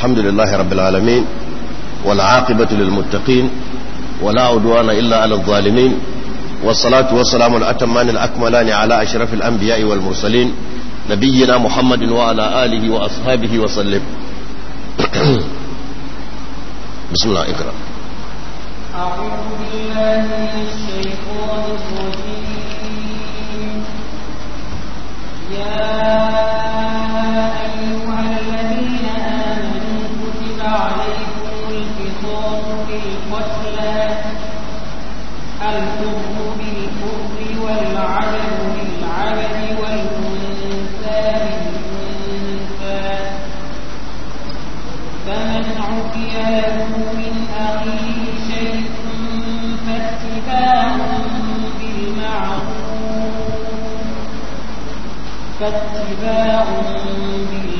الحمد لله رب العالمين والعاقبة للمتقين ولا عدوان إلا على الظالمين والصلاة والسلام الأتمان الأكملان على أشرف الأنبياء والمرسلين نبينا محمد وعلى آله وأصحابه وسلم بسم الله اقرأ أعوذ بالله من الشيطان الرجيم يا عليكم القصاص في القتلى الحر بالحر والعبد والأنثى بالأنثى فمن عفي له من أخيه شيء فاتباع بالمعروف فاتباع بالمعروف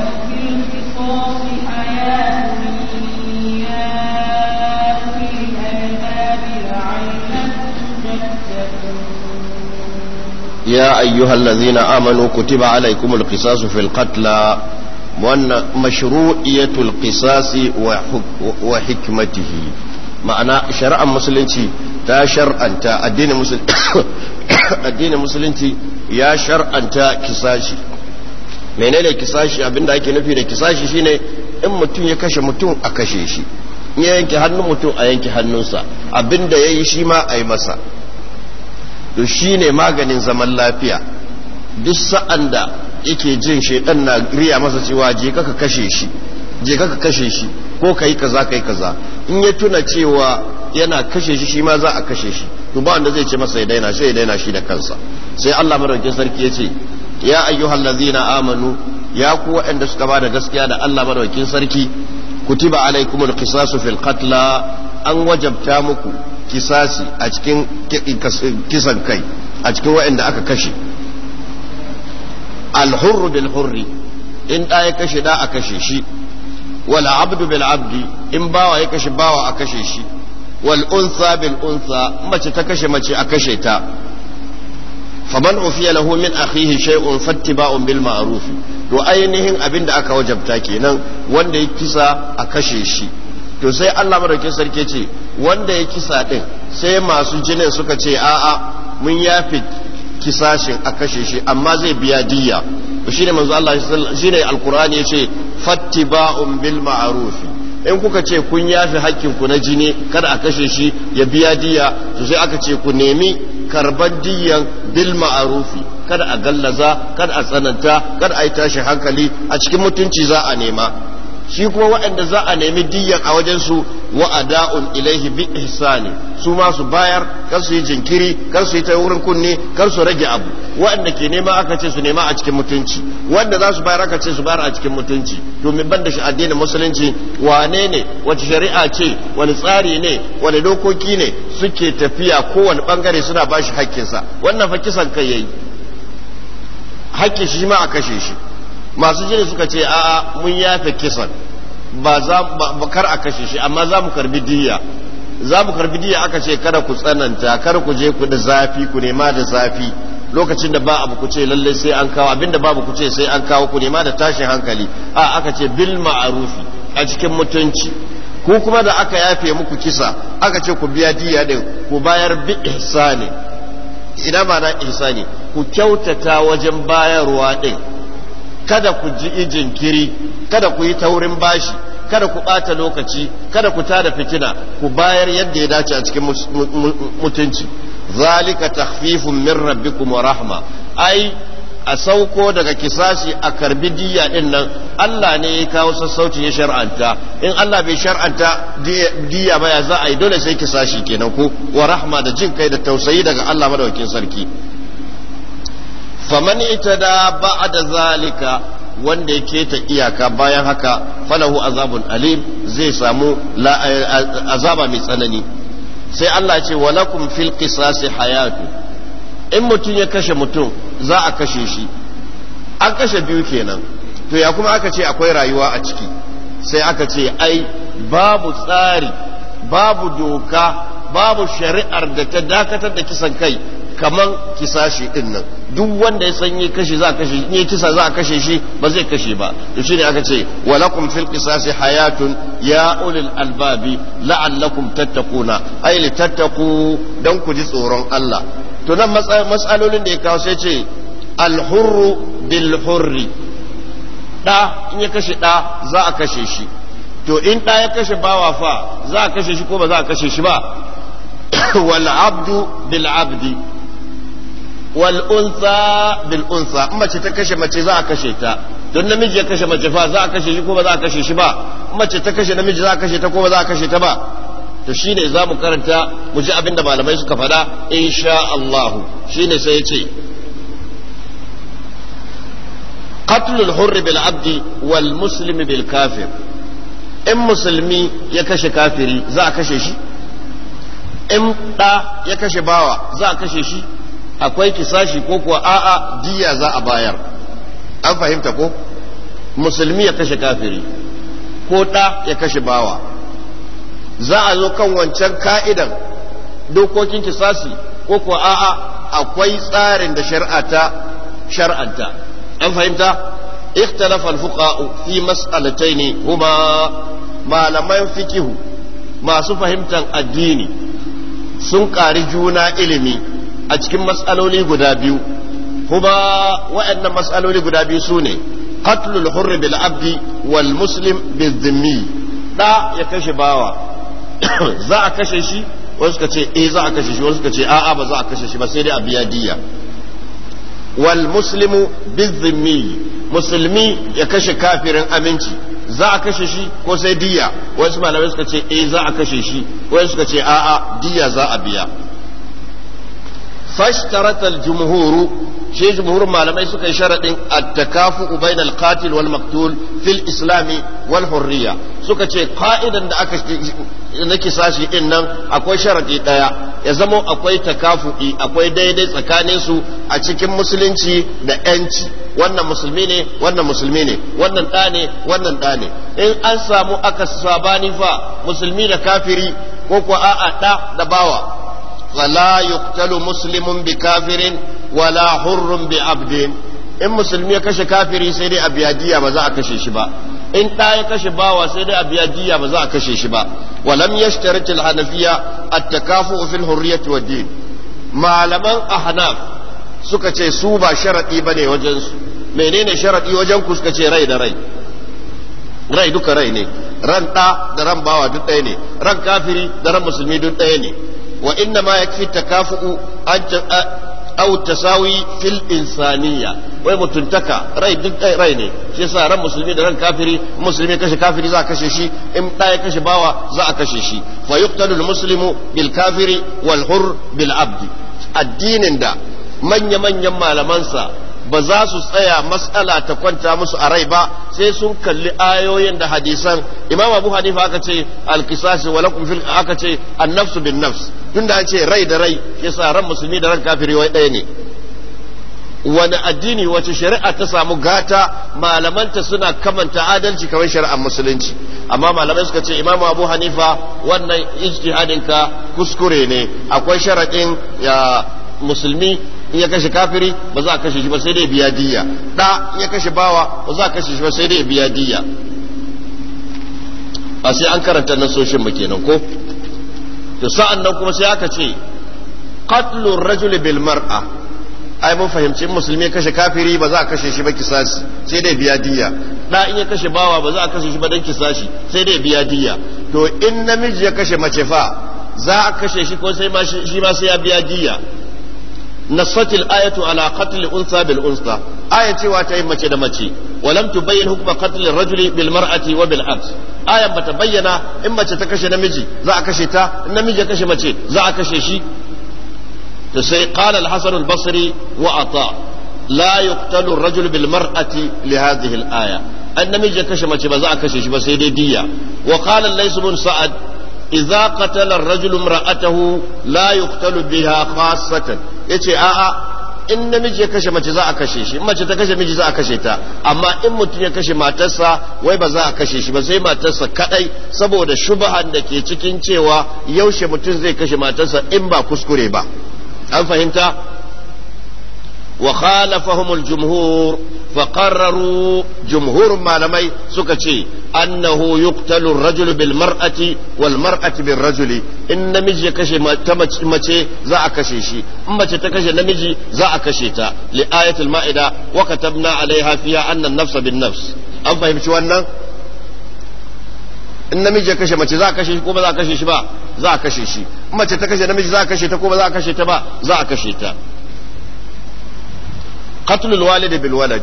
يا أيها الذين آمنوا كتب عليكم القصاص في القتلى وأن مشروعية القصاص وحكمته معنى شرع مسلمتي تا شرع أنت الدين مسلم الدين مسلمتي يا شرع أنت كساشي menene kisashi abinda ake nufi da kisashi shine in mutum ya kashe mutum a kashe shi in yanke hannun mutum a yanke hannunsa abinda ya yi shi ma a yi masa to shi ne maganin zaman lafiya duk sa'an da yake jin shaidan na riya masa cewa je ka kashe shi je ka kashe shi ko yi kaza kai kaza in ya tuna cewa yana kashe shi shi ma za a kashe shi to ba wanda zai ce masa ya daina shi ya daina shi da kansa sai Allah madaukakin sarki ya ce ya ayyuhal ladzina amanu ya ku waɗanda suka bada gaskiya da Allah madaukakin sarki kutiba alaikumul qisasu fil qatla an wajabta muku kisasi a cikin kisan kai a cikin waɗanda aka kashe alhurru bil hurri in da ya kashe da a kashe shi wal abdu bil abdi in bawa ya kashe bawa a kashe shi wal unsa bil unsa mace ta kashe mace a kashe ta faman ufiya lahu min akhihi shay'un fattiba'un bil ma'ruf to ainihin abinda aka wajabta kenan wanda ya kisa a kashe shi to sai Allah madaukin sarki ce wanda ya kisa din sai masu jinin suka ce a'a mun yafi kisashin a kashe shi amma zai biya diya ne manzo Allah shi shine alqur'ani yace fattiba'un bil ma'ruf in kuka ce kun yafi ku na jini kada a kashe shi ya biya diya to sai aka ce ku nemi karban diyan bil ma'arufi kada a gallaza kada a tsananta kada a yi tashi hankali a cikin mutunci za a nema shi kuma waɗanda za a nemi diyyan a wajensu su wa ada'un ilaihi bi ihsani su ma bayar kar su yi jinkiri kar su yi ta wurin kunne kar su rage abu waɗanda ke nema aka ce su nema a cikin mutunci wanda za su bayar aka ce su bayar a cikin mutunci to me ban da shi addinin musulunci wane ne wace shari'a ce wani tsari ne wani dokoki ne suke tafiya kowane bangare suna bashi haƙƙinsa wannan fa kisan kai yayi haƙƙin shi ma a kashe shi masu jiri suka ce a'a mun yafe kisan ba za ba kar a kashe shi amma za mu karbi diya za mu karbi diya aka ce kada ku tsananta kar ku je ku da zafi ku nema da zafi lokacin da ba abu ku ce lallai sai an kawo abinda babu ku ce sai an kawo ku nema da tashin hankali a aka ce bil ma'arufi a cikin mutunci ku kuma da aka yafe muku kisa aka ce ku biya diya din ku bayar bi ihsani ina ba na ihsani ku kyautata wajen bayarwa din kada ku ji kiri kada ku yi taurin bashi kada ku ɓata lokaci kada ku tada fitina ku bayar yadda ya dace a cikin mutunci zalika takhfifun min rabbikum wa rahma ai a sauko daga kisashi a karbi diyya din nan Allah ne ya kawo sassauci ya shar'anta in Allah bai shar'anta diya ba ya za a yi dole sai kisashi kenan ko wa rahma da jin kai da tausayi daga Allah madaukakin sarki faman itada ba'da zalika wanda ya keta iyaka bayan haka falahu azabun alim zai samu azaba mai tsanani sai Allah ce walakum fil qisasi hayatu in mutum ya kashe mutum za a kashe shi an kashe biyu kenan to ya kuma aka ce akwai rayuwa a ciki sai aka ce ai babu tsari babu doka babu shari'ar da ta dakatar da kisan kai kaman kisashi din nan duk wanda ya san kashi kashe za a kashe shi ne kisa za a kashe shi ba zai kashe ba to shine aka ce walakum fil qisasi hayatun ya ulil albabi la'allakum tattaquna ay tattaqu dan ku ji tsoron Allah to nan matsalolin da ya kawo sai ce alhurru bil hurri da in ya kashe da za a kashe shi to in da ya kashe bawa fa za a kashe shi ko ba za a kashe shi ba wal abdu bil abdi wal unsa bil unsa in mace ta kashe mace za kashe ta don namiji ya kashe mace fa za a kashe shi ko ba a kashe shi ba mace ta kashe namiji za a kashe ta ko ba kashe ta ba to shine za mu karanta mu ji abin da malamai suka faɗa insha shine sai ya ce qatlul hurr bil abdi in musulmi ya kashe kafiri a kashe shi in ɗa ya kashe bawa za a kashe shi akwai kisashi ko kuwa a'a jiya za a bayar an fahimta ko musulmi ya kashe kafiri ko ɗa ya kashe bawa za a zo kan wancan ka'idan dokokin kisasi ko kuwa a'a akwai tsarin da shari'a shar'anta an fahimta اختلف الفقهاء في مسألتين هما malaman fikihu masu fahimtar addini sun ƙari juna ilimi a cikin matsaloli guda biyu kuma waɗannan matsaloli guda biyu su ne qatlul hurri bil abdi wal muslim bil dhimmi da ya kashe bawa za a kashe shi wasu ka ce eh za a kashe shi wasu ka ce a'a ba za a kashe shi ba sai dai a biya diya wal muslimu bil dhimmi musulmi ya kashe kafirin aminci za a kashe shi ko sai diya wasu malamai suka ce eh za a kashe shi wasu suka ce a'a diya za a biya فاشترط الجمهور شيء جمهور ما لم يسك شرط التكافؤ بين القاتل والمقتول في الإسلام والحرية سك شيء قائدا aka nake sashi din nan akwai sharadi daya ya zama akwai takafu'i akwai daidai tsakanin su a cikin musulunci da yanci wannan musulmi ne wannan musulmi ne wannan da ne wannan da ne in an samu aka sabani fa musulmi da kafiri ko a'a da bawa فلا يقتل مسلم بكافر ولا حر بعبد in musulmi ya kashe kafiri sai dai a biya diya ba za kashe shi ba in ɗa ya kashe bawa sai dai a biya diya ba za kashe shi ba walam hanafiya malaman ahnaf suka ce su ba sharadi bane wajen su menene sharadi wajen ku suka ce rai da rai rai duka rai ne ran ɗa da ran bawa duk ɗaya ne ran kafiri da ran musulmi duk ɗaya ne wa inna ma yakfi takafu'u au tasawi fil insaniya wai mutuntaka rai duk rai ne shi yasa ran musulmi da ran kafiri musulmi kashe kafiri za a kashe shi in ɗaya kashe bawa za a kashe shi fa yuqtalu al muslimu bil kafiri wal bil abdi addinin da manya manyan malamansa ba za su tsaya mas'ala ta kwanta musu a rai ba sai sun kalli ayoyin da hadisan imam abu hanifa aka ce alkisasi wa lakum fil aka ce annafsu bin nafs tunda an ce rai da rai yasa ran musulmi da ran kafiri wai ɗaya ne wani addini wace shari'a ta samu gata malamanta suna kamanta adalci kamar shari'ar musulunci amma malamai suka ce imamu abu hanifa wannan ka kuskure ne akwai sharaɗin ya musulmi in ya kashe kafiri ba za a kashe shi ba sai dai biya diya da in ya kashe bawa ba za a kashe shi ba sai dai biya diya ba sai an karanta nasoshin ba kenan ko to sa'an nan kuma sai aka ce qatlur rajuli bil mar'a ai mun fahimci musulmi kashe kafiri ba za a kashe shi ba kisasi sai dai biya diya da in ya kashe bawa ba za a kashe shi ba dan kisasi sai dai biya diya to in namiji ya kashe mace fa za a kashe shi ko sai ma shi ma sai ya biya diya nassatil ayatu ala katli unsa bil unsa aya cewa ta yi mace da mace walamtu tubayyin hukma qatl rajuli bil mar'ati wa bil aks ayan bata bayyana in mace ta kashe namiji za a kashe ta namiji kashe mace za kashe shi to sai qala al basri wa ata la yuqtalu ar-rajulu bil mar'ati li hadhihi aya an namiji ya kashe mace ba za a kashe shi ba sai dai diyya wa qala al-lays sa'ad idza qatala ar-rajulu imra'atahu la yuqtalu biha khassatan yace a'a in namiji ya kashe mace za a kashe shi in mace ta kashe miji za a kashe ta amma in mutum ya kashe matarsa wai ba za a kashe shi ba sai matarsa kaɗai saboda shubahan da ke cikin cewa yaushe mutum zai kashe matarsa in ba kuskure ba an fahimta وخالفهم الجمهور فقرروا جمهور malamai suka ce annahu yuqtalu ar-rajul bil mar'ati wal mar'atu bir rajuli in namiji ya kashe mace za a kashe shi in mace ta kashe namiji za a kashe ta li ayatul ma'ida wa katabna alaiha fiha anna an-nafsa bin nafs an fahimci wannan in namiji ya kashe mace za za a kashe shi ba za a kashe shi mace ta kashe namiji za a kashe ta za a kashe ta ba za a kashe ta qatlul walidi bil walad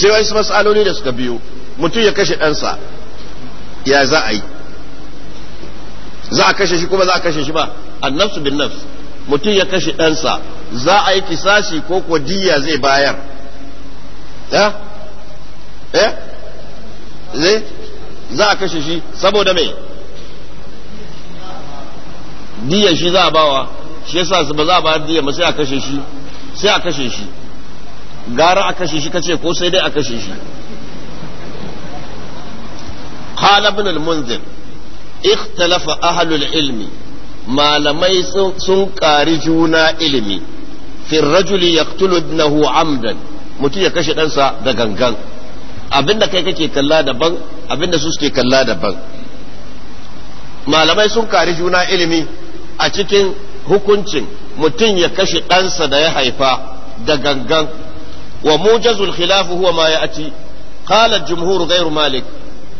sai wasu mas'aloli da suka biyo mutum ya kashe ɗansa ya za a yi za a kashe shi kuma za a kashe shi ba annafsu bin nafs mutum ya kashe ɗansa za a yi kisasi ko kuwa diya zai bayar ya eh zai za a kashe shi saboda mai diya shi za a bawa shi yasa ba za a bayar diya ba sai a kashe shi sai a kashe shi gara a kashe shi kace ko sai dai a kashe shi qala ibn al-munzir ikhtalafa ahlul ilmi malamai sun ƙari juna ilimi fi rajuli yaqtulu ibnahu amdan mutum ya kashe ɗansa da gangan abinda kai kake kalla daban abinda su suke kalla daban malamai sun kari juna ilimi a cikin hukuncin mutum ya kashe ɗansa da ya haifa da gangan وموجز الخلاف هو ما يأتي قال الجمهور غير مالك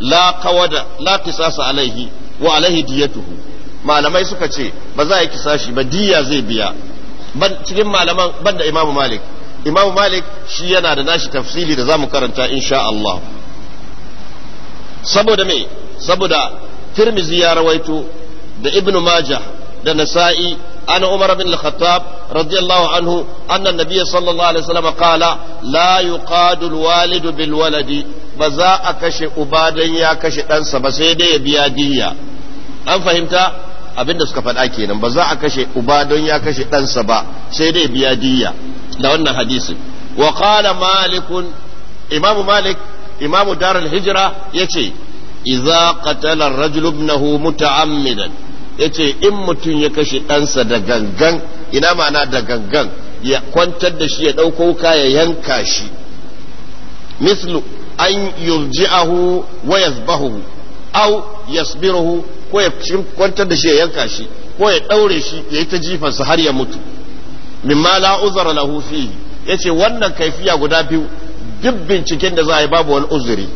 لا قود لا alaihi عليه وعليه ديته malamai suka ce ba za a kisa shi ba diyya zai biya cikin malaman banda imam malik Imam malik shi yana da nashi tafsili da zamu karanta insha Allah saboda me saboda tirmizi ya rawaito da ibnu Maja. da nasa'i an umar bin al-khattab radiyallahu anhu anna nabiyya sallallahu alaihi wasallam qala la yuqadu walidu bil waladi ba za a kashe uba dan ya kashe ɗansa ba sai dai ya biya diyya an fahimta abinda suka faɗa kenan ba za a kashe uba don ya kashe ɗansa ba sai dai ya biya diyya da wannan hadisin wa qala malikun imamu malik imamu darul hijra yace idza qatala ar-rajulu ibnahu muta'ammidan ya ce in mutum ya kashe ɗansa da gangan ina ma'ana da gangan ya kwantar da shi ya ɗauko wuka ya yanka shi mislu an yurji'ahu wa yazbahu au yasbiruhu ko ya kwantar da shi ya yanka shi ko ya ɗaure shi ya yi ta jifansa har ya mutu ma la uzara lahu fihi yace wannan kaifiya guda biyu duk binciken da za a yi babu wani uzuri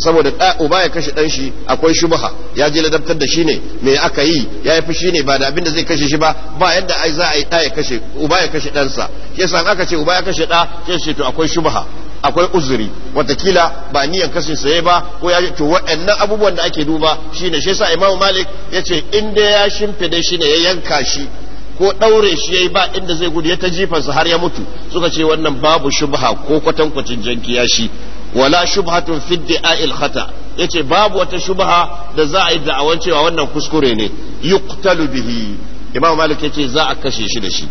saboda da uba ya kashe ɗanshi shi akwai shubha ya je ladabtar da shi ne me aka yi ya yi fushi ne ba da abin da zai kashe shi ba ba yadda ai za a yi ta ya kashe uba ya kashe ɗansa ke san aka ce uba ya kashe ɗa ke ce to akwai shubha akwai uzuri watakila ba niyan kashe saye ba ko ya to waɗannan abubuwan da ake duba shi ne shi yasa imamu Malik ya ce in dai ya shimfide shi ne ya yanka shi ko ɗaure shi yayi ba inda zai gudu ya ta jifansa har ya mutu suka ce wannan babu shubha ko kwatankwacin jankiya shi wala shubhatun fi da'il khata yace babu wata shubha da za a yi da'awan cewa wannan kuskure ne yuqtalu bihi imam malik ya ce za a kashe shi da shi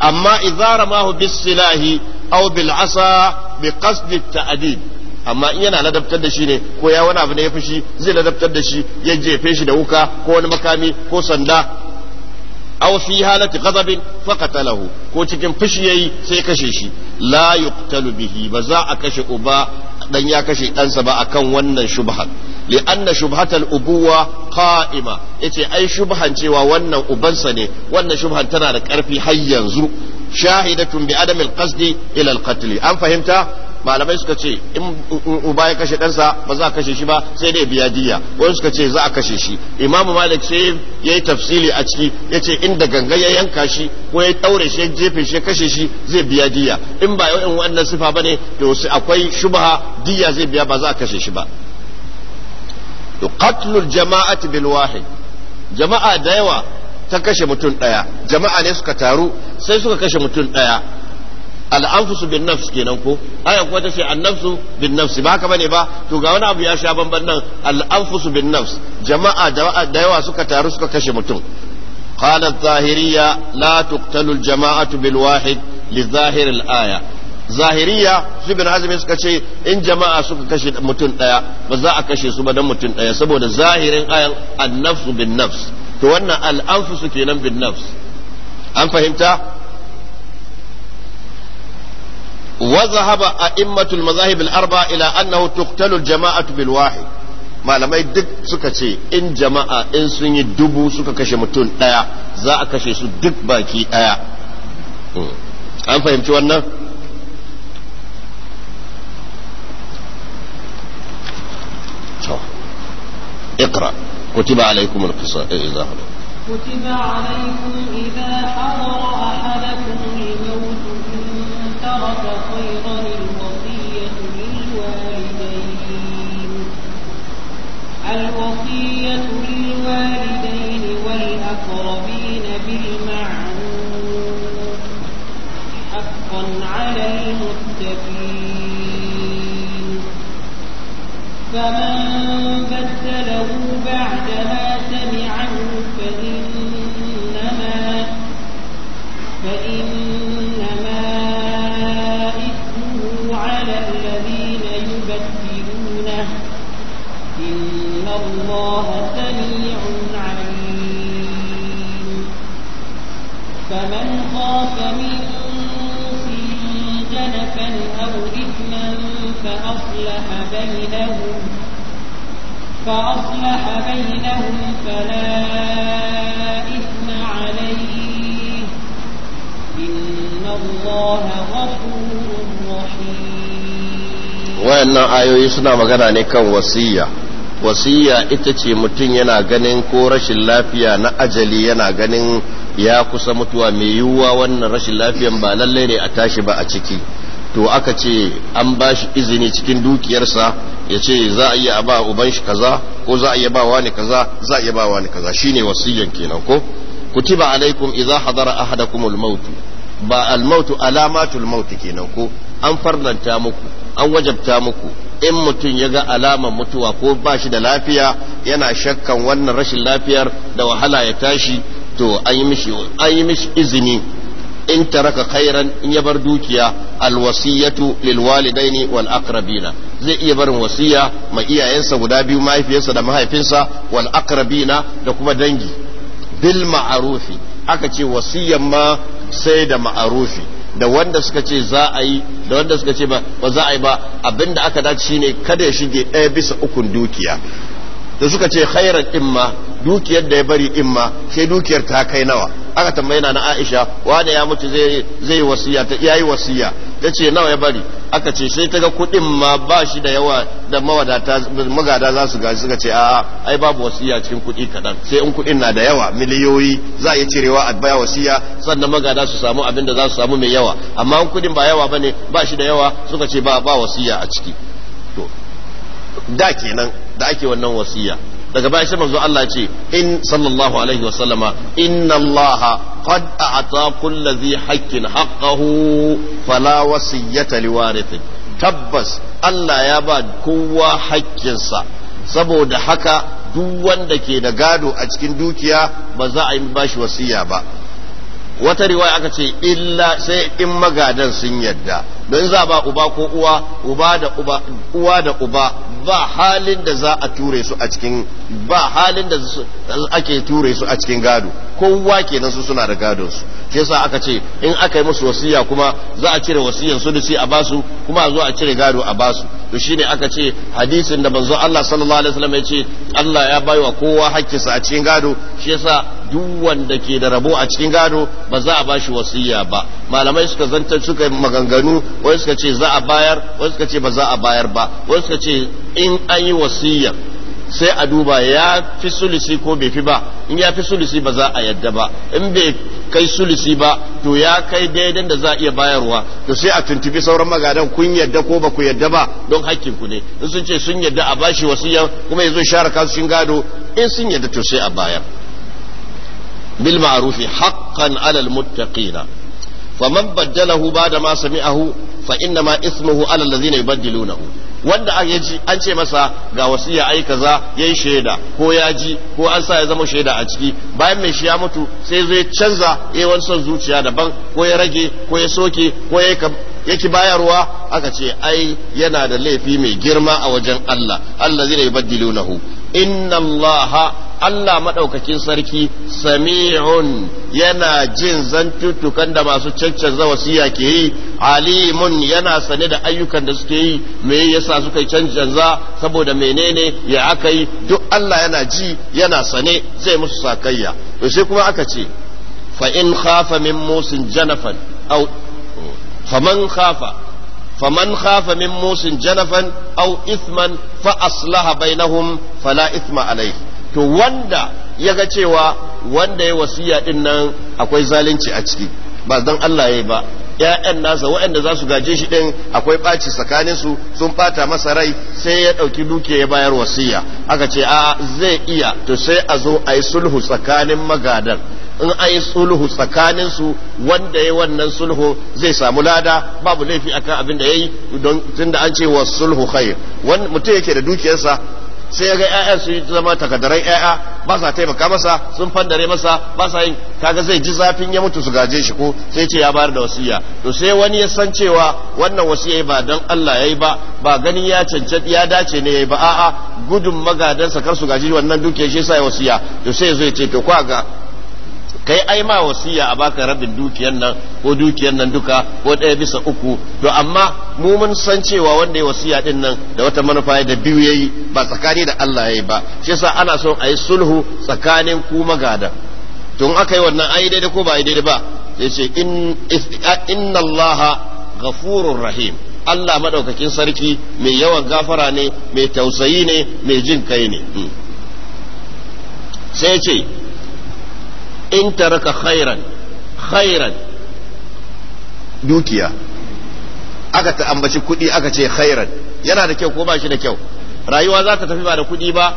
amma idza ramahu bis silahi aw bil asa bi qasd amma in yana ladabtar da shi ne ko ya wani abu ne ya fushi zai ladabtar da shi ya jefe shi da wuka ko wani makami ko sanda aw fi halati ghadabin faqatalahu ko cikin fushi yayi sai kashe shi la yuqtalu bihi ba za a kashe uba dan ya kashe ɗansa ba akan wannan shubhan li'anna shubhatal ubuwa qa'ima yace ai shubhan cewa wannan ubansa ne wannan shubhan tana da ƙarfi har yanzu shahidatun bi adamil qasdi ila al an fahimta malamai suka ce in uba ya kashe ɗansa ba za a kashe shi ba sai dai biya diya wani suka ce za a kashe shi imamu malik sai ya yi tafsili a ciki ya ce inda ganga ya yanka shi ko ya ɗaure shi ya jefe shi ya kashe shi zai biya diya in ba in wannan sifa ba ne to akwai shubha diya zai biya ba za a kashe shi ba qatlul jama'ati bil wahid jama'a da yawa ta kashe mutum ɗaya jama'a ne suka taru sai suka kashe mutum ɗaya al'anfusu bin nafs kenan ko aya kuwa ta ce annafsu bin nafs ba haka bane ba to ga wani abu ya sha banban nan al'anfusu bin nafs jama'a da yawa suka taru suka kashe mutum قال الظاهرية لا تقتل الجماعة li لظاهر aya. zahiriya su bin azumi suka ce in jama'a suka kashe mutum daya ba za a kashe su ba dan mutum daya saboda zahirin ayan annafsu bin nafs to wannan al'anfusu kenan bin nafs an fahimta وذهب أئمة المذاهب الأربعة إلى أنه تقتل الجماعة بالواحد ما لما يدك سكتي إن جماعة إن سني دبو سكا كشي متون آية زا كشي سدك باكي آية أم فهمت وانا اقرأ كتب عليكم القصة إذا كتب عليكم إذا حضر أحدكم ترك خيرا الوصية للوالدين الوصية للوالدين والأقربين بالمعروف حقا على المتقين فمن بدله بعد ما سمع والله سميع عليم فمن خاف من موسى جنفا أو إثما فأصلح بينهم فأصلح بينهم فلا إثم عليه إن الله غفور رحيم وأن آيوي سنة مغنى نكا وصيّة wasiya ita ce mutum yana ganin ko rashin lafiya na ajali yana ganin ya kusa mutuwa mai yiwuwa wannan rashin lafiyan ba lallai ne a tashi ba a ciki to aka ce an ba shi izini cikin dukiyarsa ya ce za a iya ba uban shi kaza ko za a iya ba wani kaza za a iya ba wani kaza shine wasiyan kenan ko kutiba alaikum idza hadara ahadakumul maut ba al maut alamatul maut kenan ko an farlanta muku an wajabta muku in mutum ya ga alamar mutuwa ko ba shi da lafiya yana shakkan wannan rashin lafiyar da wahala ya tashi to an yi mishi an yi mishi izini in taraka khairan in ya bar dukiya alwasiyatu lilwalidaini wal aqrabina zai iya barin wasiya ma iyayensa guda biyu mahaifiyarsa da mahaifinsa wal aqrabina da kuma dangi bil ma'arufi aka ce wasiyan ma sai da ma'arufi da wanda suka ce za a yi da wanda suka ce ba za a yi ba abinda aka dace shine kada ya shige ɗaya bisa ukun dukiya da suka ce khairan imma dukiyar da ya bari in ma sai dukiyar ta kai nawa aka tambaye na Aisha wanda ya mutu zai zai wasiya ta yayi wasiya tace nawa ya bari aka ce sai ta ga kuɗin ma ba shi da yawa da mawadata magada za su gaji suka ce a'a ai babu wasiya cikin kuɗi kaɗan sai in kuɗin na da yawa miliyoyi za a yi cirewa a baya wasiya sannan magada su samu abin da za su samu mai yawa amma in kuɗin ba yawa bane ba shi da yawa suka ce ba ba wasiya a ciki to da kenan da ake wannan wasiya daga baya shi manzo Allah ce in sallallahu alaihi wa sallama inna Allah qad a'ta kulli dhi haqqin haqqahu fala wasiyata liwarithin tabbas Allah ya ba kowa haƙƙinsa saboda haka duk wanda ke da gado a cikin dukiya ba za a yi bashi wasiya ba wata riwaya aka ce illa sai in magadan sun yadda don za ba uba ko uwa uba da uba uwa da uba ba halin da za a ture su a cikin ba halin da ake ture su a cikin gado kowa kenan su suna da gadon su shi yasa aka ce in aka yi musu wasiya kuma za a cire wasiyan su da shi a basu kuma a zo a cire gado a basu to shine aka ce hadisin da manzo Allah sallallahu alaihi wasallam ya ce Allah ya baiwa kowa hakkinsa a cikin gado shi yasa duk wanda ke da rabo a cikin gado ba za a bashi wasiya ba malamai suka zanta suka maganganu wai suka ce za a bayar wai suka ce ba za a bayar ba wai suka ce in an yi wasiyya sai a duba ya fi sulisi ko bai fi ba in ya fi sulisi ba za a yadda ba in bai kai sulisi ba to ya kai daidan da za a iya bayarwa to sai a tuntubi sauran magadan kun yadda ko ba ku yadda ba don hakkin ku ne in sun ce sun yadda a bashi wasiya kuma yazo share kansu gado in sun yadda to sai a bayar bil ma'rufi haqqan alal muttaqina faman baddalahu da ma sami'ahu fa inna ma ismuhu ala allazina yubaddilunahu wanda an ce masa ga wasiya ai kaza yayi shaida ko ya ji ko an sa ya zama shaida a ciki bayan mai shi ya mutu sai zai canza yayi wani son zuciya daban ko ya rage ko ya soke ko ya yake bayarwa aka ce ai yana da laifi mai girma a wajen Allah allazina yubaddilunahu inna allaha Allah maɗaukakin sarki sami'un yana jin zantuttukan da masu cancanza wasiya ke yi alimun yana sane da ayyukan da suke yi me yasa suka cancanza saboda menene ya aka yi duk Allah yana ji yana sane zai musu sakayya to sai kuma aka ce fa in khafa min musin janafan aw faman khafa فمن خاف من موس جنفا أو إثما فأصلح بينهم فلا إثم عليه to wanda ya ga cewa wanda ya wasiya din nan akwai zalunci a ciki ba dan Allah yayi ba ‘ya'yan nasa waɗanda za su gaje shi din akwai ɓaci su sun ɓata masa rai sai ya ɗauki dukiya ya bayar wasiya aka ce a zai iya to sai a zo a yi sulhu tsakanin magadan in a yi sulhu tsakaninsu wanda ya wannan sulhu zai samu lada babu laifi akan abin da ya yi don tunda an ce wa sulhu khair mutum yake da dukiyarsa sai ya ga 'ya'yan sun zama takadarai 'ya'ya ba sa taimaka masa sun fandare masa ba sa yin kaga zai ji zafin ya mutu su gaje shi ko sai ce ya bayar da wasiya to sai wani ya san cewa wannan wasiya ba dan Allah yayi ba ba ganin ya cancanci ya dace ne yayi ba a'a gudun magadansa kar su gaje wannan duke shi sai wasiya to sai zai ce to ko ga kai ai ma wasiya a baka rabin dukiyar nan ko dukiyar nan duka ko ɗaya bisa uku to amma mu mun san cewa wanda ya wasiya din nan da wata manufa da biyu yayi ba tsakani da Allah yayi ba shi yasa ana son a yi sulhu tsakanin ku magada tun aka yi wannan ai daidai ko ba ai daidai ba sai ce in inna Allah ghafurur rahim Allah madaukakin sarki mai yawan gafara ne mai tausayi ne mai jin kai ne hmm. sai ce in taraka khairan khairan dukiya aka ta ambaci kuɗi aka ce khairan yana da kyau ko ba shi da kyau rayuwa za ta tafi ba da kuɗi ba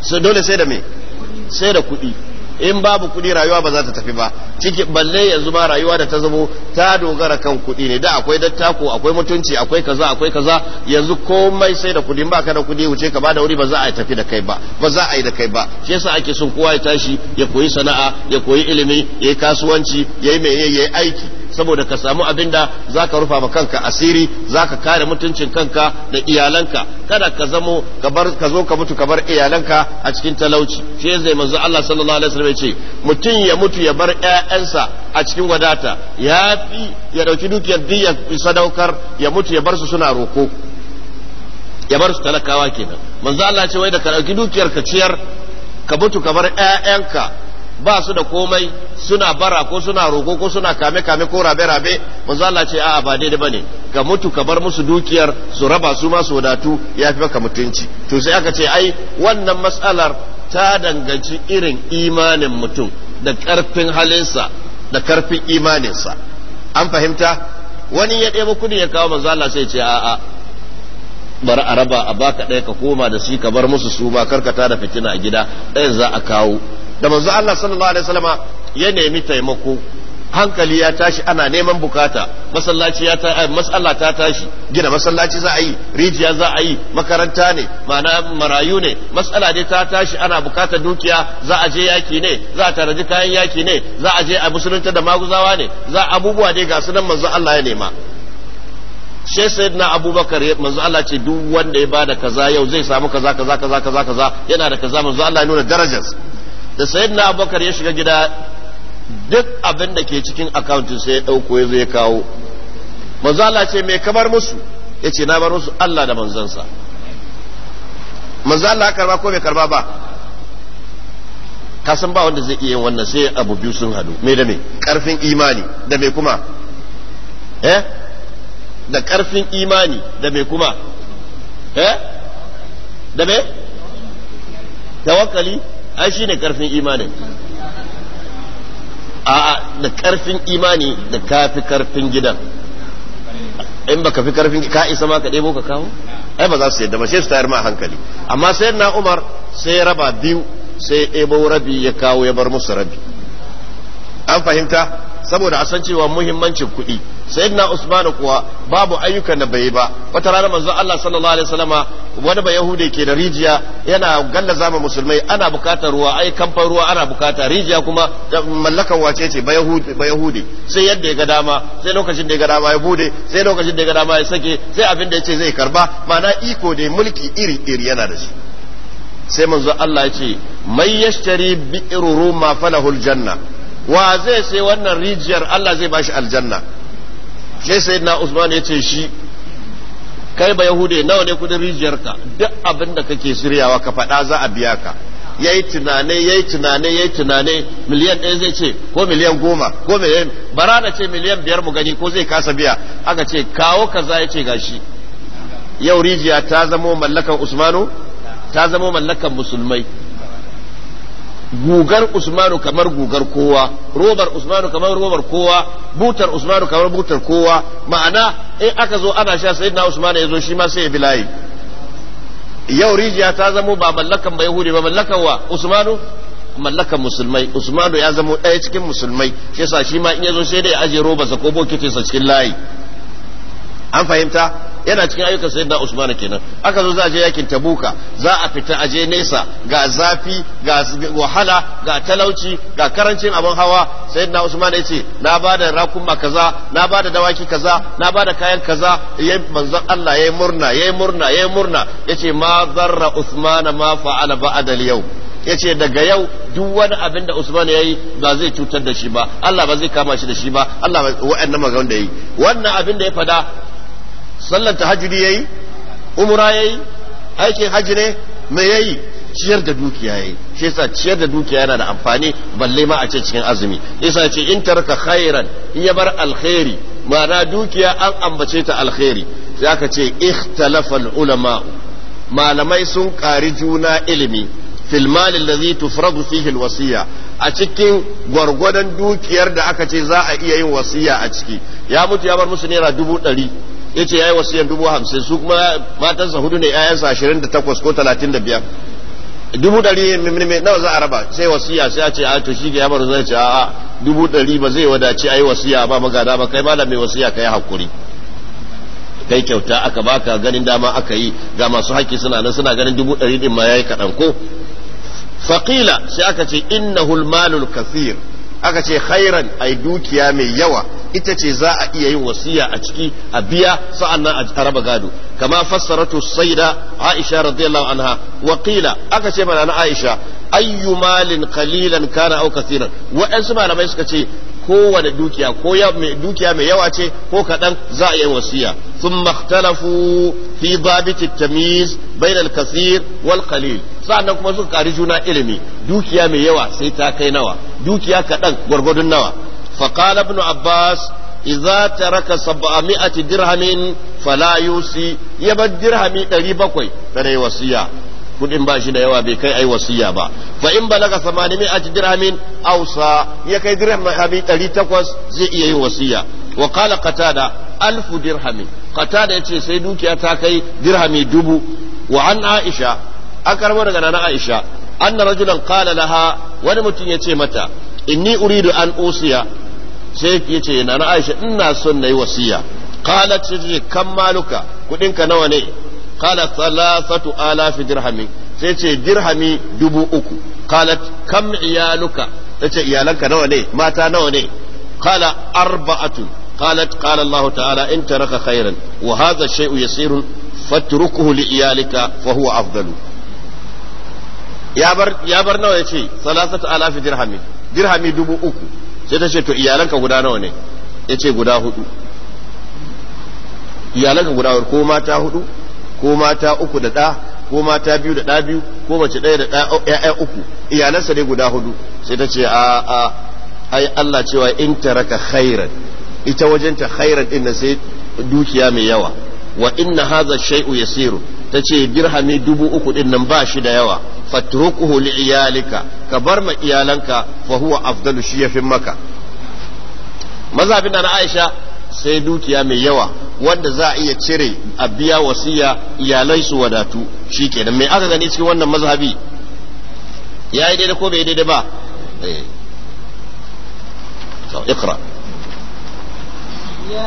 so dole sai da me sai da kuɗi in babu kuɗi rayuwa ba za ta tafi ba ciki balle yanzu ma rayuwa da ta zamo ta dogara kan kuɗi ne da akwai dattako akwai mutunci akwai kaza akwai kaza yanzu komai sai da kuɗi ba ka da kuɗi wuce ka ba da wuri ba za a tafi da kai ba ba za a yi da kai ba shi yasa ake son kowa ya tashi ya koyi sana'a ya koyi ilimi ya yi kasuwanci ya yi mai ya aiki saboda ka samu abin da ka rufa ma kanka asiri za ka kare mutuncin kanka da iyalanka kada ka zamo ka zo ka mutu ka bar iyalanka a cikin talauci shi yasa manzo Allah sallallahu alaihi wasallam ya ce mutum ya mutu ya bar ƴaƴansa a cikin wadata ya fi ya dauki dukiyar diyar sadaukar ya mutu ya bar su suna roko ya bar su talakawa kenan manzo Allah ce wai da ka dauki dukiyar ka ciyar ka mutu ka bar ƴaƴanka ba su da komai suna bara ko suna roko ko suna kame kame ko rabe rabe manzo ce a'a ba daidai bane ka mutu ka bar musu dukiyar su raba su ma su wadatu yafi maka mutunci to sai aka ce ai wannan matsalar ta danganci irin imanin mutum da karfin halinsa da karfin imaninsa an fahimta wani ya ɗebo kudi ya kawo manzo sai ce a'a bar a raba a baka ɗaya ka koma da shi ka bar musu su ba karkata da fitina a gida ɗayan za a kawo da manzo Allah sallallahu alaihi wasallama ya nemi taimako hankali ya tashi ana neman bukata masallaci ya ta eh, masalla ta tashi gina masallaci za a yi rijiya za a yi makaranta ne ma'ana marayu ne masala ne ta tashi ana bukatar dukiya za a je yaki ne za a taraji kayan yaki ne za a je a musulunta da maguzawa ne za abubuwa ne ga su nan manzo Allah ya nema she sayyidina abubakar manzo Allah ce duk wanda ya bada kaza yau zai samu kaza kaza kaza kaza kaza yana da kaza manzo Allah ya nuna darajarsa da na abubakar ya shiga gida duk abin da ke cikin akawuntin sai ya ɗauko ya zai kawo manzo Allah ce me kamar musu ya ce na bar musu Allah da manzansa manzo Allah karba ko bai karba ba ka san ba wanda zai iya yin wannan sai abu biyu sun hadu me da me karfin imani da me kuma eh da karfin imani da me kuma eh da me tawakkali ai shine karfin imanin a da karfin imani da kafi karfin gidan in baka fi karfin ka isa ma ka ɗebo ka kawo ai ba za su yadda ba sai su tayar ma hankali amma sai na umar sai ya raba biyu sai ya ɗebo rabi ya kawo ya bar musu rabi an fahimta saboda a san cewa muhimmancin kuɗi sayyidina usman kuwa babu ayyukan da bai ba wata rana manzon Allah sallallahu alaihi wasallama wani ba yahude ke da rijiya yana gallaza ma musulmai ana bukatar ruwa ai kamfan ruwa ana bukata rijiya kuma mallakan wace ce ba yahude ba yahude sai yadda ya ga dama sai lokacin da ya ga dama ya bude sai lokacin da ya ga dama ya sake sai abin da ya ce zai karba ma'ana iko da mulki iri iri yana da shi sai manzo Allah ya ce mai yashtari bi'ru ruma falahul janna wa zai sai wannan rijiyar Allah zai bashi aljanna sai na usman ya ce shi kai ba yahude nawa ne kudin rijiyarka duk abin da kake shiryawa ka faɗa za a biya ka yi tunane yi tunane yi tunane miliyan ɗaya zai ce ko miliyan goma ko miliyan bara na ce miliyan biyar mu gani ko zai kasa biya aka ce kawo kaza ya ce shi. yau rijiya ta zamo mallakan usmanu ta zamo mallakan musulmai gugar usmanu kamar gugar kowa robar usmanu kamar robar kowa butar usmanu kamar butar kowa ma'ana in aka zo ana sha na usman ya zo shi ma sai ya bi layi yau rijiya ta zamo ba mallakan ba yahudi ba mallakan wa usmanu mallakan musulmai usmanu ya zamo ɗaya cikin musulmai shi yasa shi ma in ya zo sai dai ya aje robarsa ko bokitinsa cikin layi an fahimta yana cikin ayyukan sayyidina usman kenan aka zo za a je yakin tabuka za a fita a je nesa ga zafi ga wahala ga talauci ga karancin abin hawa sayyidina usman ya ce na ba da rakuma kaza na ba da dawaki kaza na ba da kayan kaza ya manzon Allah ya murna ya murna ya murna yace ma zarra usman ma fa'ala ba'da al-yawm ya daga yau duk wani abin da Usman ya yi ba zai cutar da shi ba Allah ba zai kama shi da shi ba Allah wa'annan magan da yi wannan abin da ya fada sallar tahajjudi yayi umra yayi aikin hajji ne me yayi ciyar da dukiya yayi shi yasa ciyar da dukiya yana da amfani balle ma a ce cikin azumi yasa ce in taraka khairan in ya bar alkhairi ma'ana dukiya an ambace ta alkhairi sai aka ce ikhtalafa ulama malamai sun kari juna ilimi fil malin ladhi tufradu fihi alwasiya a cikin gwargwadon dukiyar da aka ce za a iya yin wasiya a ciki ya mutu ya bar musu naira dubu ɗari ya ce ya yi wasiyan dubu hamsin su kuma matansa hudu ne ƴaƴansa ashirin da takwas ko talatin da biyar dubu ɗari mai nawa za a raba sai wasiya sai a ce a to shi ga yamar zai ce a dubu ɗari ba zai wadace a yi wasiya ba magana ba kai malam mai wasiya ka yi hakuri kai kyauta aka baka ganin dama aka yi ga masu haƙƙi suna nan suna ganin dubu ɗari ɗin ma ya yi kaɗan ko faƙila sai aka ce innahul malul kasir aka ce khairan ai dukiya mai yawa ita ce za a iya yin wasiya a ciki a biya sa'annan a raba gado kama fassaratu saida aisha radiyallahu anha wa qila aka ce mana na aisha ayyu malin qalilan kana aw kaseeran wa'ansu malamai suka ce kowane dukiya ko dukiya mai yawa ce ko kaɗan za a yi wasiya sun makhtalafu fi babiti tamiz bainal kasir wal qalil sa'annan kuma suka ƙari juna ilimi dukiya mai yawa sai ta kai nawa dukiya kaɗan gwargwadon nawa فقال ابن عباس إذا ترك سبعمائة درهم فلا يوصي يبقى درهم تريبكوي فلا يوصيها kudin ba shi da yawa bai kai ai wasiya ba fa in balaga 800 dirhamin ausa ya kai dirhami 800 zai iya yin wasiya wa Katada qatada alfu dirhami qatada yace sai dukiya ta kai dirhami dubu wa an aisha an karbo daga nana aisha anna rajulan qala laha wani mutum yace mata inni uridu an usiya sai yace na na Aisha ina son yi wasiya qalat sai kam maluka kudin ka nawa ne qala salasatu alafi dirhamin sai ce dirhami dubu uku qalat kam iyaluka tace iyalanka nawa ne mata nawa ne qala arba'atu قالت قال الله تعالى إن ترك خيرا وهذا الشيء يسير فاتركه لإيالك فهو أفضل يا بر يا بر نو يشي ثلاثة درهم درهم دبو أكو sai ta ce to iyalanka guda nawa ne ya ce guda hudu iyalanka guda hudu ko mata hudu ko mata uku da ɗa ko mata biyu da ɗa biyu ko mace ɗaya da ɗa ya'ya uku iyalansa ne guda hudu sai ta ce a a ai Allah cewa in taraka khairan ita wajenta khairan din sai dukiya mai yawa wa inna hadha shay'u yasiru ta ce dirhami dubu uku din nan ba shi da yawa fatrukuhu li iyalika ka bar ma iyalanka fa huwa afdalu shi yafin maka mazhabin da na Aisha sai dukiya mai yawa wanda za a iya cire a biya wasiya iyalai su wadatu shikenan mai aka gani cikin wannan mazhabi yayi daidai ko bai daidai ba eh اقرأ يا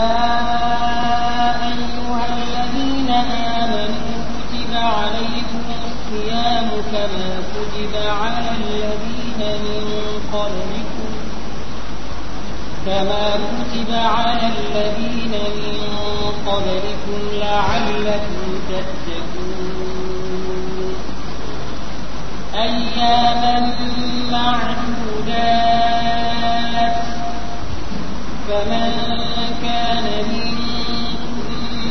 أيها الذين آمنوا عليكم الصيام كما كتب على الذين من قبلكم كما كتب على الذين من قبلكم لعلكم تتقون أياما معدودات فمن كان منكم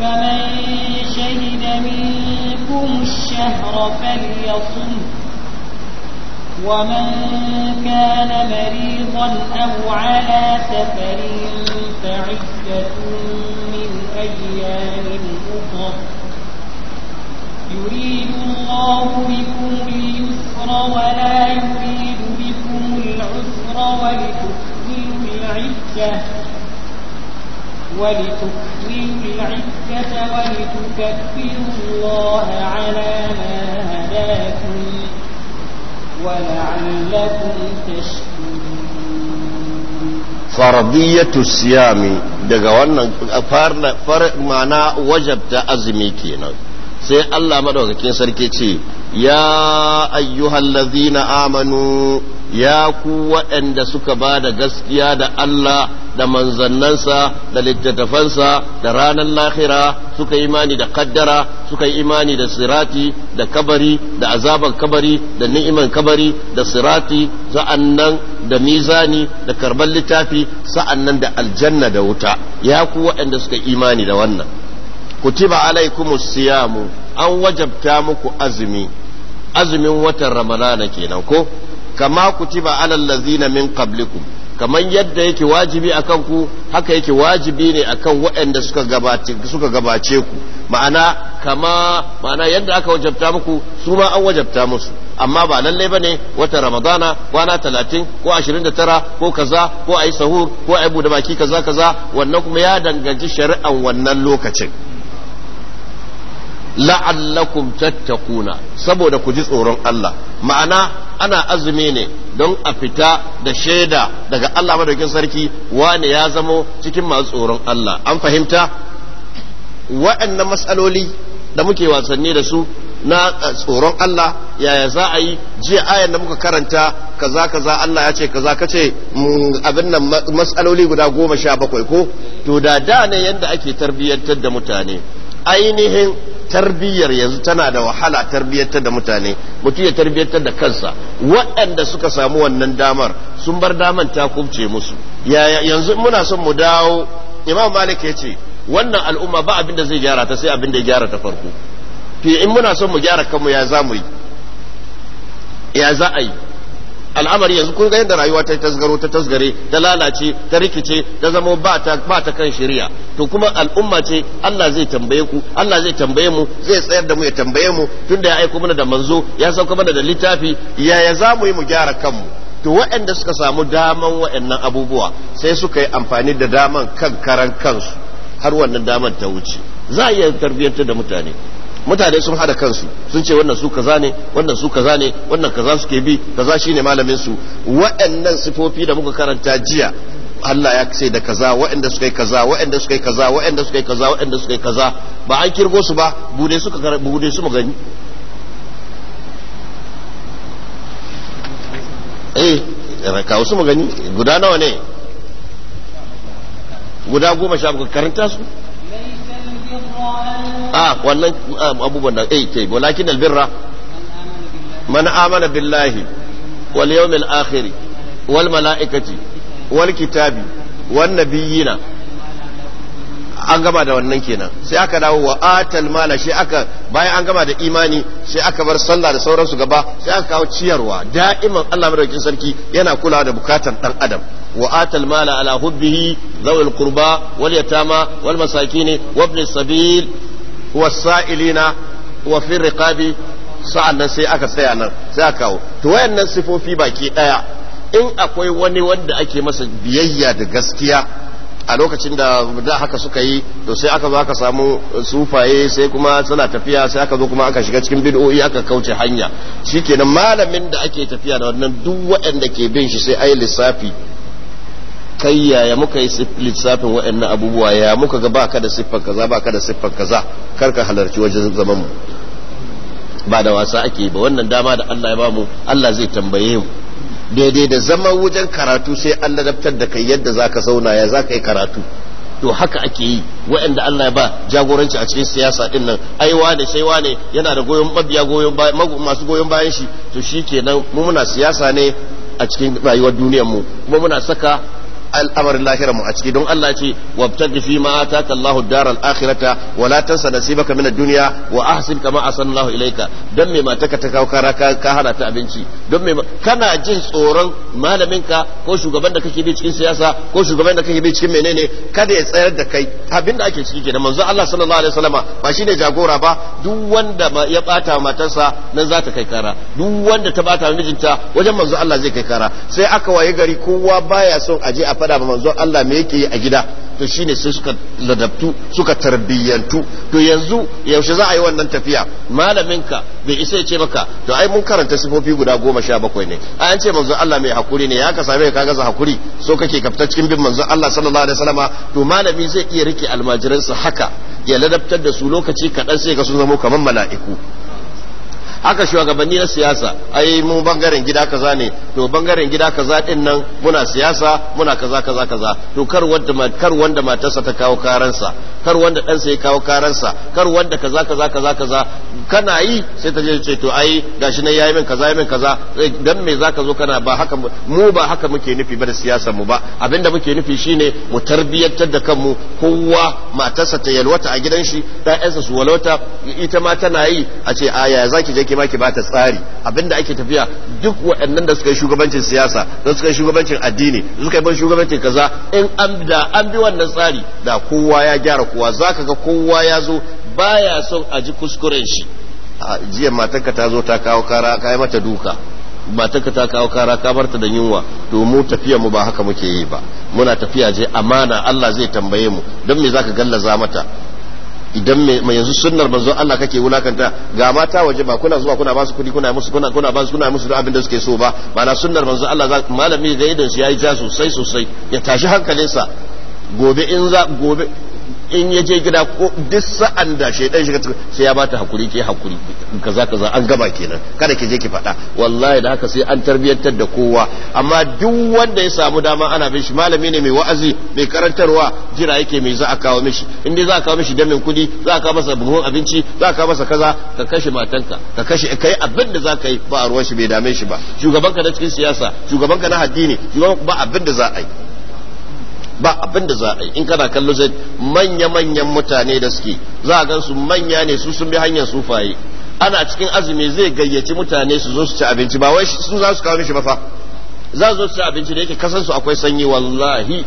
فمن شهد منكم الشهر فليصم ومن كان مريضا أو على سفر فعدة من أيام أخر يريد الله بكم اليسر ولا يريد بكم العسر ولتكملوا العدة ولتقوموا العدة ولتكبروا الله على ما هداكم ولعلكم تشكرون faradiyatu siyami daga wannan ma'ana wajabta azumi kenan sai Allah madaukakin sarki ce ya ayyuhallazina amanu ya ku waɗanda suka ba da gaskiya da Allah da manzannansa da littattafansa da ranar lahira suka yi imani da kaddara suka yi imani da sirati da kabari da azaban kabari da ni'iman kabari da sirati nan da mizani da karban littafi sa'annan da aljanna da wuta ya ku waɗanda suka imani da wannan kutiba alaikumus siyamu an wajabta muku azumi azumin watan ramadana kenan ko kama kutiba alal ladzina min qablikum kamar yadda yake wajibi a kanku haka yake wajibi ne a kan waɗanda suka gabace ku ma'ana kama ma'ana yadda aka wajabta muku su ma an wajabta musu amma ba lallai ba ne wata ramadana kwana talatin ko ashirin da tara ko kaza ko a yi sahur ko a yi bude baki kaza kaza wannan kuma ya danganci shari'an wannan lokacin la'allakum tattaquna saboda ku ji tsoron Allah ma'ana ana azumi ne don a fita da shaida daga Allah madaukin sarki wane ya zamo cikin masu tsoron Allah an fahimta waɗannan matsaloli da muke wasanni da su na eh, tsoron Allah yaya za a yi jiya ayan da muka karanta kaza kaza Allah ya ce kaza kace mm, abin nan matsaloli guda goma sha bakwai ko to da da ne yadda ake tarbiyyantar da mutane ainihin tarbiyyar yanzu tana da wahala tarbiyyarta da mutane mutum ya tarbiyarta da kansa waɗanda suka samu wannan damar sun bar damar ta kubce musu yanzu muna son mu dawo imam malik ya ce wannan al'umma ba abin da zai gyara ta sai abin da ya gyara ta farko to in muna son mu gyara kanmu ya za mu yi ya za a yi al'amari yanzu kun ga yadda rayuwa ta tasgaro ta tasgare ta lalace ta rikice ta zama ba ta kan shari'a to kuma al'umma ce Allah zai tambaye ku Allah zai tambaye mu zai tsayar da mu ya tambaye mu tunda ya aiko mana da manzo ya sauka mana da littafi yaya za mu yi mu gyara kanmu to waɗanda suka samu daman waɗannan abubuwa sai suka yi amfani da daman kan karan kansu har wannan daman ta wuce za a iya tarbiyyantar da mutane mutane sun hada kansu sun ce wannan su kaza ne wannan su kaza ne wannan kaza suke bi kaza shine malamin su waɗannan sifofi da muka karanta jiya Allah ya ce da kaza waɗanda suka yi kaza waɗanda suka yi kaza waɗanda suka yi kaza waɗanda suka yi kaza ba an kirgo su ba bude suka bude su mu gani eh kawo su mu gani guda nawa ne guda goma sha karanta su a ah, wannan ah, abubuwan da eh kai walakin albirra man amana billahi wal yawmil akhir wal malaikati wal kitabi wan nabiyina an gama da wannan kenan sai aka dawo wa atal mala shi aka bayan an gama da imani sai aka bar sallah da sauransu gaba sai aka kawo ciyarwa da'iman Allah madaukakin sarki yana kulawa da bukatan dan adam wa atal mala ala hubbihi zawil qurba wal yatama wal masakin wa sabil wasa'ilina wa fi riqabi sa'an nan sai aka tsaya nan sai aka kawo to wayannan sifofi baki ɗaya in akwai wani wanda ake masa biyayya da gaskiya a lokacin da da haka suka yi to sai aka zo aka samu sufaye sai kuma suna tafiya sai aka zo kuma aka shiga cikin bid'o'i aka kauce hanya shikenan malamin da ake tafiya da wannan duk waɗanda ke bin shi sai ai lissafi kai ya muka yi lissafin waɗannan abubuwa ya muka ga baka da siffar kaza baka da siffar kaza kar halarci wajen zaman mu ba da wasa ake ba wannan dama da Allah ya bamu Allah zai tambaye mu daidai da zaman wajen karatu sai an ladabtar da kai yadda zaka zauna ya zaka yi karatu to haka ake yi waɗanda Allah ya ba jagoranci a cikin siyasa din nan aiwa da shaiwa ne yana da goyon mabiya goyon masu goyon bayan shi to shikenan mu muna siyasa ne a cikin rayuwar duniyar mu kuma muna saka al'amarin lahirar mu a ciki don Allah ce wabtaqi fi ma ataka Allahu daral akhirata wa la tansa nasibaka minad dunya wa ahsin kama asanallahu ilaika don me mataka ta kawo kara ka hana ta abinci don me kana jin tsoron malaminka ko shugaban da kake bi cikin siyasa ko shugaban da kake bi cikin menene kada ya tsayar da kai abinda ake ciki kenan manzo Allah sallallahu alaihi wasallama ba shine jagora ba duk wanda ya bata matarsa nan za ta kai kara duk wanda ta bata mijinta wajen manzo Allah zai kai kara sai aka waye gari kowa baya son aje a faɗa ba manzon Allah me yake yi a gida to shine sai suka ladabtu suka tarbiyyantu to yanzu yaushe za a yi wannan tafiya malaminka bai isa ya ce maka to ai mun karanta sifofi guda goma sha bakwai ne ai an ce manzon Allah mai hakuri ne ya ka same ka gaza hakuri so kake kafta cikin bin manzon Allah sallallahu alaihi wasallama to malami zai iya rike almajiransa haka ya ladabtar da su lokaci kaɗan sai ka sun zamo kamar mala'iku haka shugabanni na siyasa ai mu bangaren gida kaza ne to bangaren gida kaza din nan muna siyasa muna kaza kaza kaza to kar wanda kar wanda matarsa ta kawo karansa kar wanda ɗansa ya kawo karansa kar wanda kaza kaza kaza kaza kana yi sai ta je ce to ai gashi nan yayi min kaza yayi min kaza eh, dan me zaka zo kana ba haka mu ba haka muke nufi ba da siyasar mu ba abinda muke nufi shine mu tarbiyyantar da kanmu kowa matarsa ta yalwata a gidan shi da ƴansa su walwata ita ma tana yi a ce a aya zaki je ke ma ki bata tsari abinda ake tafiya duk waɗannan da suka yi shugabancin siyasa da suka yi shugabancin addini da suka yi ban shugabancin kaza in an da an bi wannan tsari da kowa ya gyara kowa zaka ga kowa ya zo baya son a ji kuskuren shi jiya matanka ta zo ta kawo kara ka yi mata duka matanka ta kawo kara ka barta da yunwa to mu tafiya mu ba haka muke yi ba muna tafiya je amana Allah zai tambaye mu don me zaka gallaza mata idan mai yanzu sunnar manzo Allah kake wulakanta ga mata waje ba kuna zuwa kuna ba su kudi kuna musu kuna kuna ba su kuna musu duk abin da suke so ba mana sunnar manzo Allah malami ga idan shi yayi ja sosai sosai ya tashi hankalinsa gobe in za gobe in ya je gida ko duk sa'an da shaidan shiga sai ya bata hakuri ke hakuri kaza kaza an gaba kenan kada ki je ki faɗa wallahi da haka sai an tarbiyyantar da kowa amma duk wanda ya samu dama ana bin shi malami ne mai wa'azi mai karantarwa jira yake mai za a kawo mishi in dai za a kawo mishi damin kuɗi za a kawo masa buhun abinci za a kawo masa kaza ka kashe matanka ka kashe kai abin da za ka yi ba a ruwan shi bai dame shi ba shugabanka na cikin siyasa shugabanka na addini shugaban ba abin da za a yi ba abin da za a yi in kana kallo sai manya manyan mutane da suke za a gansu manya ne su sun bi hanyar sufaye ana cikin azumi zai gayyaci mutane su zo su ci abinci ba wai su za su kawo mishi ba fa za zo su ci abinci da yake kasan su akwai sanyi wallahi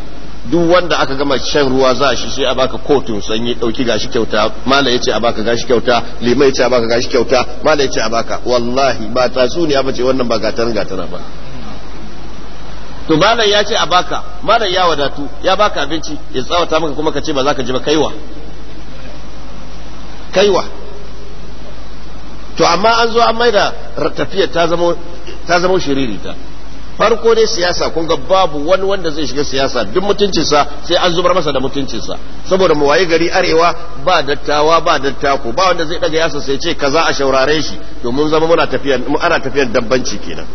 duk wanda aka gama shan ruwa za shi sai a baka kotun sanyi dauki gashi kyauta mala yace a baka gashi kyauta lima yace a baka gashi kyauta mala yace a baka wallahi ba ta su bace wannan ba gatan gatar ba to malam ya ce a baka malam ya wadatu ya baka abinci ya tsawata maka kuma ka ce ba za ka ji ba kaiwa kaiwa to amma an zo an maida tafiyar ta zama ta farko ne siyasa kun ga babu wani wanda zai shiga siyasa duk mutuncinsa sai an zubar masa da mutuncinsa saboda mu waye gari arewa ba dattawa ba dattako ba wanda zai daga yasa sai ce kaza a shaurare shi domin zama muna tafiyar ana tafiyan dabbanci kenan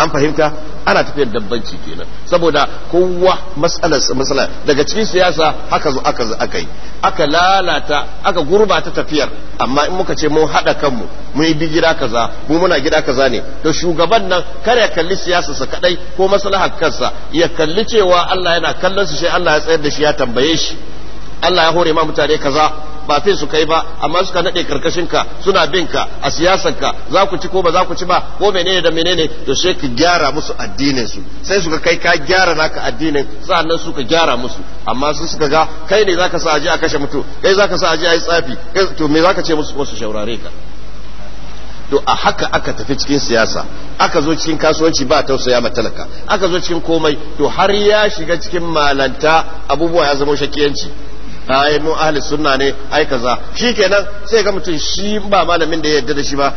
an fahimta ana tafiyar dabbanci kenan saboda kowa matsalar matsala daga cikin siyasa haka zo aka zo aka yi aka lalata aka gurbata tafiyar amma in muka ce mun hada kanmu mun yi gida kaza mu muna gida kaza ne to shugaban nan kar ya kalli sa kadai ko maslahar kansa ya kalli cewa Allah yana kallon su shi Allah ya tsayar da shi ya tambaye shi Allah ya hore ma mutane kaza ba su kai ba amma suka nade karkashin ka suna bin ka a siyasar ka za ku ci ko ba za ku ci ba ko menene da menene to sai ka gyara musu addinin su sai suka kai ka gyara naka addinin sa'annan suka gyara musu amma su suka ga kai ne zaka sa aje a kashe mutum kai zaka sa aje a yi tsafi to me zaka ce musu ko su shaurare ka to a haka aka tafi cikin siyasa aka zo cikin kasuwanci ba tausaya ma talaka aka zo cikin komai to har ya shiga cikin malanta abubuwa ya zama shakiyanci Ah, ai mu ahli sunna ne ai kaza shi kenan sai ga mutum shi ba malamin da ya yarda da shi ba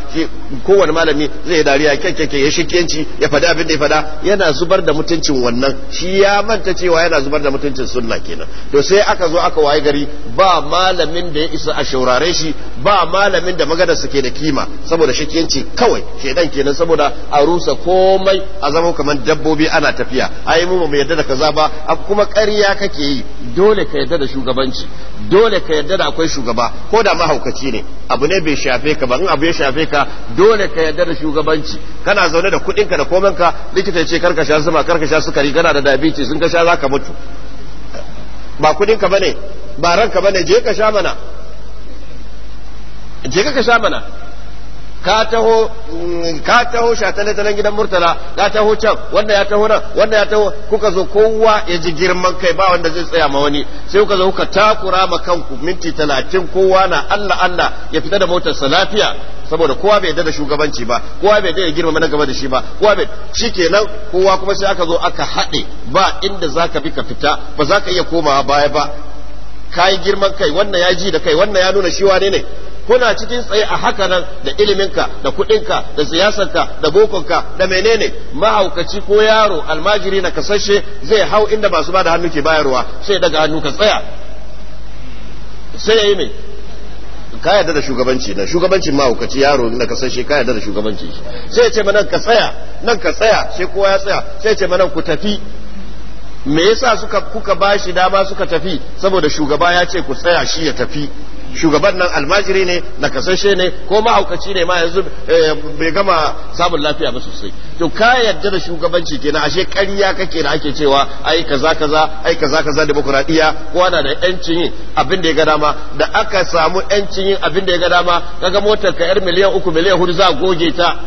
kowane malami zai yi dariya kyakkyakke ya shikenci ya faɗi abin da ya faɗa yana zubar da mutuncin wannan shi ya manta cewa yana zubar da mutuncin sunna kenan to sai aka zo aka waye gari ba malamin da ya isa a shaurare shi ba malamin da magana ke da kima saboda shikenci kawai shedan kenan saboda a rusa komai a zama kamar dabbobi ana tafiya ai mu ba mu yarda da kaza ba kuma ƙarya kake yi dole ka yarda da shugabanci shugabanci dole ka yarda da akwai shugaba ko da mahaukaci ne abu ne bai shafe ka ba in abu ya shafe ka dole ka yarda da shugabanci kana zaune da kudin ka da koman ka likita ya ce karka sha zuma karka sha sukari kana da diabetes sun ka sha zaka mutu ba kudin ka bane ba ranka bane je ka sha mana je ka sha mana ka taho mm, ka taho gidan murtala ya taho can wanda ya taho nan wanda ya taho kuka zo kowa ya ji girman kai ba wanda zai tsaya ma wani sai kuka zo kuka takura ma kanku minti talatin kowa na Allah Allah ya fita da motarsa lafiya saboda kowa bai da shugabanci ba kowa bai da ya girmama na gaba da shi ba kowa bai shikenan kowa kuma sai aka zo aka haɗe ba inda zaka bi ka fita ba zaka iya komawa baya ba kai girman kai wannan ya ji da kai wannan ya nuna shi wane ne kuna cikin tsaye a haka nan da iliminka da kuɗinka da siyasarka da bokonka da menene mahaukaci ko yaro almajiri na kasashe zai hau inda masu ba da hannu ke bayarwa sai daga hannu ka tsaya sai ya yi mai ka yarda da shugabanci na shugabanci mahaukaci yaro na kasashe ka yarda da shugabanci sai ya ce nan ka tsaya nan ka tsaya sai kowa ya tsaya sai ya ce nan ku tafi me yasa suka kuka bashi dama suka tafi saboda shugaba ya ce ku tsaya shi ya tafi shugaban nan almajiri ne kasashe ne ko mahaukaci ne ma yanzu eh, bai gama samun lafiya ba sosai to ka yarda da shugabanci kenan ashe ƙarya kake da ake cewa ai kaza kaza ai kaza kaza demokradiya kowa na da yancin yin abin da ya ga dama da aka samu yancin yin abin da ya ga dama kaga motar ka yar miliyan uku miliyan hudu za a goge ta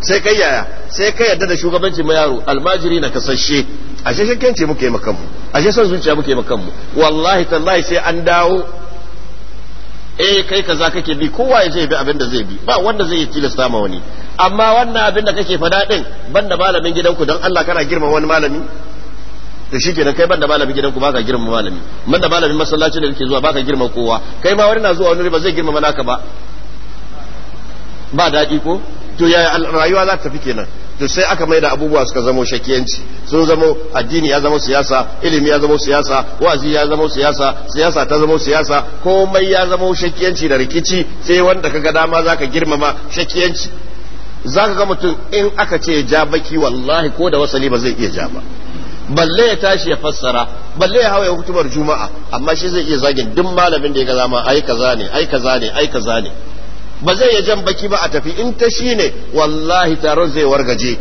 sai kai yaya sai kai yarda da shugabanci ma yaro almajiri na kasashe ashe shankenci muke makanmu ashe son zuciya muke makanmu wallahi tallahi sai an dawo eh kai kaza kake bi kowa ya je bi abin da zai bi ba wanda zai tilasta ma wani amma wannan abin da kake fada din banda malamin gidanku don Allah kana girma wani malami da shi kenan kai banda malamin gidanku baka girma malami banda malamin masallacin da kake zuwa baka girma kowa kai ma wani na zuwa wani ba zai girma malaka ba ba daɗi ko to yaya rayuwa za ta tafi kenan to sai aka mai da abubuwa suka zamo shakiyanci sun zama addini ya zama siyasa ilimi ya zama siyasa wazi ya zama siyasa siyasa ta zama siyasa komai ya zama shakiyanci da rikici sai wanda kaga dama zaka girmama shakiyanci zaka ga mutum in aka ce ja baki wallahi ko da wasali ba zai iya ja ba balle ya tashi ya fassara balle ya ya hutubar juma'a amma shi zai iya zagin duk malamin da ya ga zama ai kaza ne ai kaza ne ai kaza ne ba zai yi jan baki ba a tafi in ta ne wallahi taron zai wargaje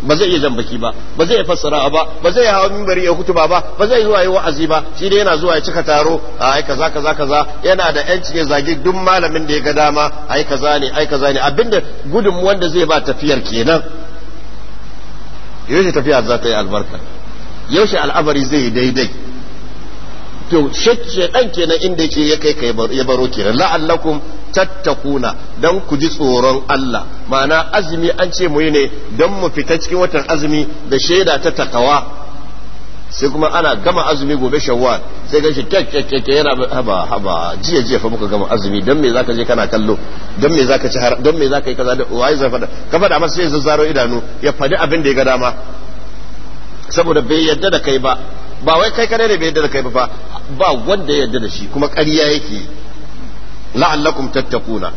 ba zai yi jan baki ba ba zai fassara ba ba zai hawa mimbari ya kutuba ba ba zai zuwa yi wa'azi ba shi ne yana zuwa ya cika taro ai kaza kaza kaza yana da yanci ya zage duk malamin da ya ga dama ai kaza ne ai kaza ne abinda gudun wanda zai ba tafiyar kenan yaushe tafiya za ta yi albarka yaushe al'amari zai yi daidai to dan kenan inda yake ya kai ka ya baro kenan la'allakum tattakuna dan ku ji tsoron Allah ma'ana azumi an ce mu yi ne dan mu fita cikin watan azumi da shaida ta takawa sai kuma ana gama azumi gobe shawwal sai ganshi kyakkyakke yana haba haba jiya jiya fa muka gama azumi dan me zaka je kana kallo dan me zaka ci har dan me zaka yi kaza da wai zan fada ka fada masa sai zazzaro idanu ya fadi abin da ya ga dama saboda bai yadda da kai ba ba wai kai kadai ne bai da kai ba ba wanda ya yadda da shi kuma ƙarya yake la'allakum tattaquna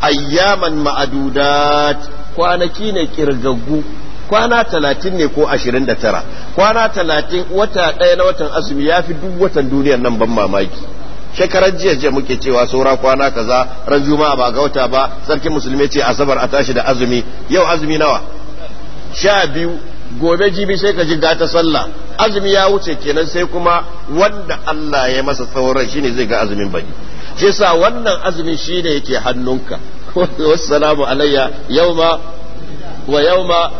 ayyaman ma'adudat kwanaki ne kirgaggu kwana talatin ne ko ashirin da tara kwana talatin wata ɗaya na watan azumi ya fi duk watan duniyar nan ban mamaki shekarar jiya jiya muke cewa saura kwana kaza ran juma'a ba ga wata ba sarkin musulmi ce asabar a tashi da azumi yau azumi nawa sha biyu gobe jibi sai ka ji gata sallah azumi ya wuce kenan sai kuma wanda Allah ya masa tsawon shine zai ga azumin baki shi sa wannan azumin shine yake hannunka wassalamu alayya yauma wa yauma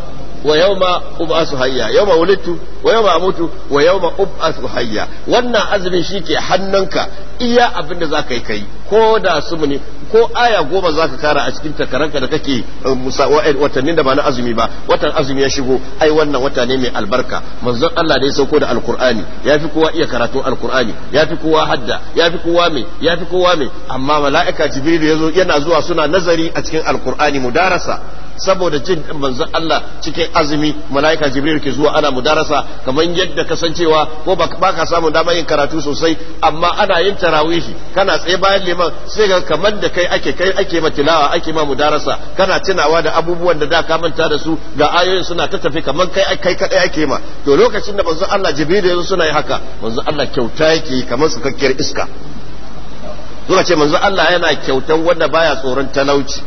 wa yawma ub'asu hayya yawma wulidtu wa yawma amutu wa yawma ub'asu hayya wannan azumin hannunka iya abin da zaka yi kai ko da sumu ne ko aya goma zaka kara a cikin takaranka da kake eh, eh, watannin da ba na azumi ba watan azumi ya shigo ai wannan wata ne mai albarka manzon Allah da ya sauko da alqur'ani yafi kowa iya karatun alqur'ani yafi kowa hadda yafi kowa mai yafi kowa mai amma mala'ika jibril yazo yana zuwa suna nazari a cikin alqur'ani mudarasa saboda jin din manzon Allah cikin azumi malaika jibril ke zuwa ana mudarasa kamar yadda kasancewa ko baka ka samu damar yin karatu sosai amma ana yin tarawihi kana tsaye bayan liman sai ga kamar da kai ake kai ake ma tilawa ake ma mudarasa kana tunawa da abubuwan da da ka manta da su ga ayoyin suna ta tafi kamar kai kai kadai ake ma to lokacin da manzon Allah jibril yanzu suna yi haka manzon Allah kyauta yake kamar su kakkiyar iska Zuka ce manzon Allah yana kyautan wanda baya tsoron talauci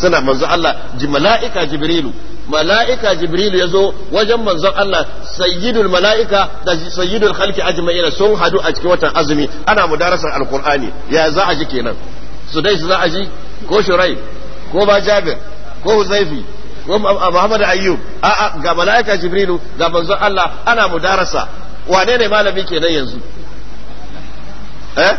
suna manzo Allah ji mala'ika jibrilu mala'ika jibrilu yazo wajen manzon Allah sayyidul mala'ika da sayyidul khalqi ajma'ina sun hadu a cikin watan azumi ana mudarasar alqur'ani ya za a ji kenan su dai su za a ji ko shurai ko ba jabir ko huzaifi ko muhammad ayyub a'a ga mala'ika jibrilu ga manzon Allah ana mudarasa wane ne malami kenan yanzu eh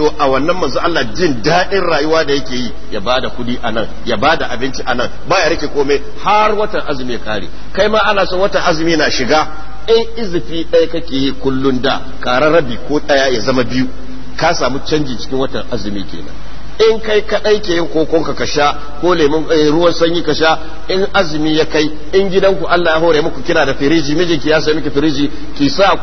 to a wannan manzo Allah jin daɗin rayuwa da yake yi ya bada kuɗi a nan ya bada abinci a nan ya rike komai har watan azumi kare kai ma ana son watan azumi na shiga in izifi ɗaya kake yi kullun da karar rabi ko ɗaya ya zama biyu ka samu canji cikin watan azumi kenan in kai kaɗai ke yin kokonka ka sha ko lemun eh, ruwan sanyi ka sha in azumi ya kai in gidanku Allah ya hore muku kina da firiji mijinki ya sai miki firiji ki sa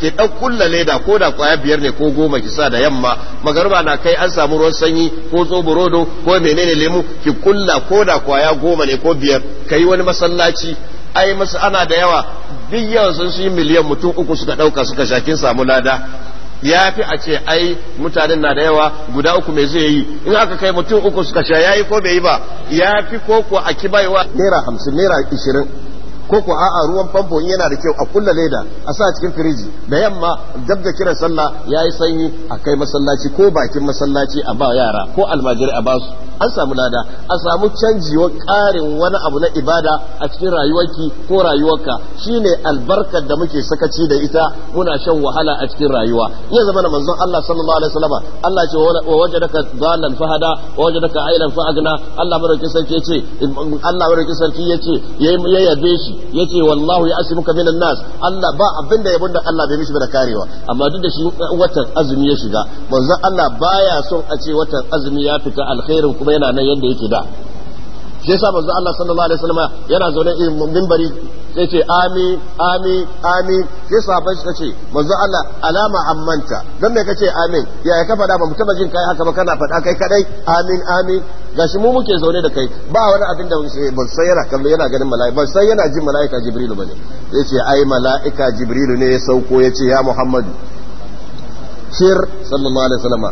ki dau kulla leda ko da kwaya biyar ne ko goma ki sa da yamma magarba na kai an samu ruwan sanyi ko tsoburodo ko menene lemu ki kulla ko da kwaya goma ne ko biyar kai wani masallaci ai masu ana da yawa duk sun yi miliyan mutum uku suka ɗauka suka sha kin samu lada ya fi a ce ai mutanen na da yawa guda uku mai zai yi in aka kai mutum uku suka sha yi ko bai yi ba ya fi ko ko a kibaiwa naira hamsin naira ishirin ko ko a'a ruwan famfo yana da kyau a kulla leda a sa cikin firiji da yamma dab da kiran sallah yayi sanyi a kai masallaci ko bakin masallaci a ba yara ko almajiri a basu an samu lada a samu canji wa karin wani abu na ibada a cikin rayuwarki ko rayuwarka shine albarkar da muke sakaci da ita muna shan wahala a cikin rayuwa ya zama na manzon Allah sallallahu alaihi wasallam Allah ce wa wajadaka dhalan fahada wa wajadaka ailan fa'agna Allah madaukakin sarki yace Allah madaukakin sarki yace ya yabe shi yace wallahu ya asimuka minan nas Allah ba abin da yabon da Allah bai mishi ba da karewa amma duk da shi watan azumi ya shiga manzon Allah baya son a ce watan azumi ya fita alkhairin kuma yana nan yadda yake da shi yasa manzo Allah sallallahu alaihi wasallam yana zaune a minbari sai ce amin amin amin sai sahabbai suka ce manzo Allah alama ammanta dan me kace amin ya ka faɗa ba mutum jin kai haka ba kana faɗa kai kadai amin amin gashi mu muke zaune da kai ba wani abin da ban san yana kallo yana ganin mala'ika ban san yana jin mala'ika jibrilu bane sai ce ai mala'ika jibrilu ne ya sauko ya ce ya muhammadu shir sallallahu alaihi wasallam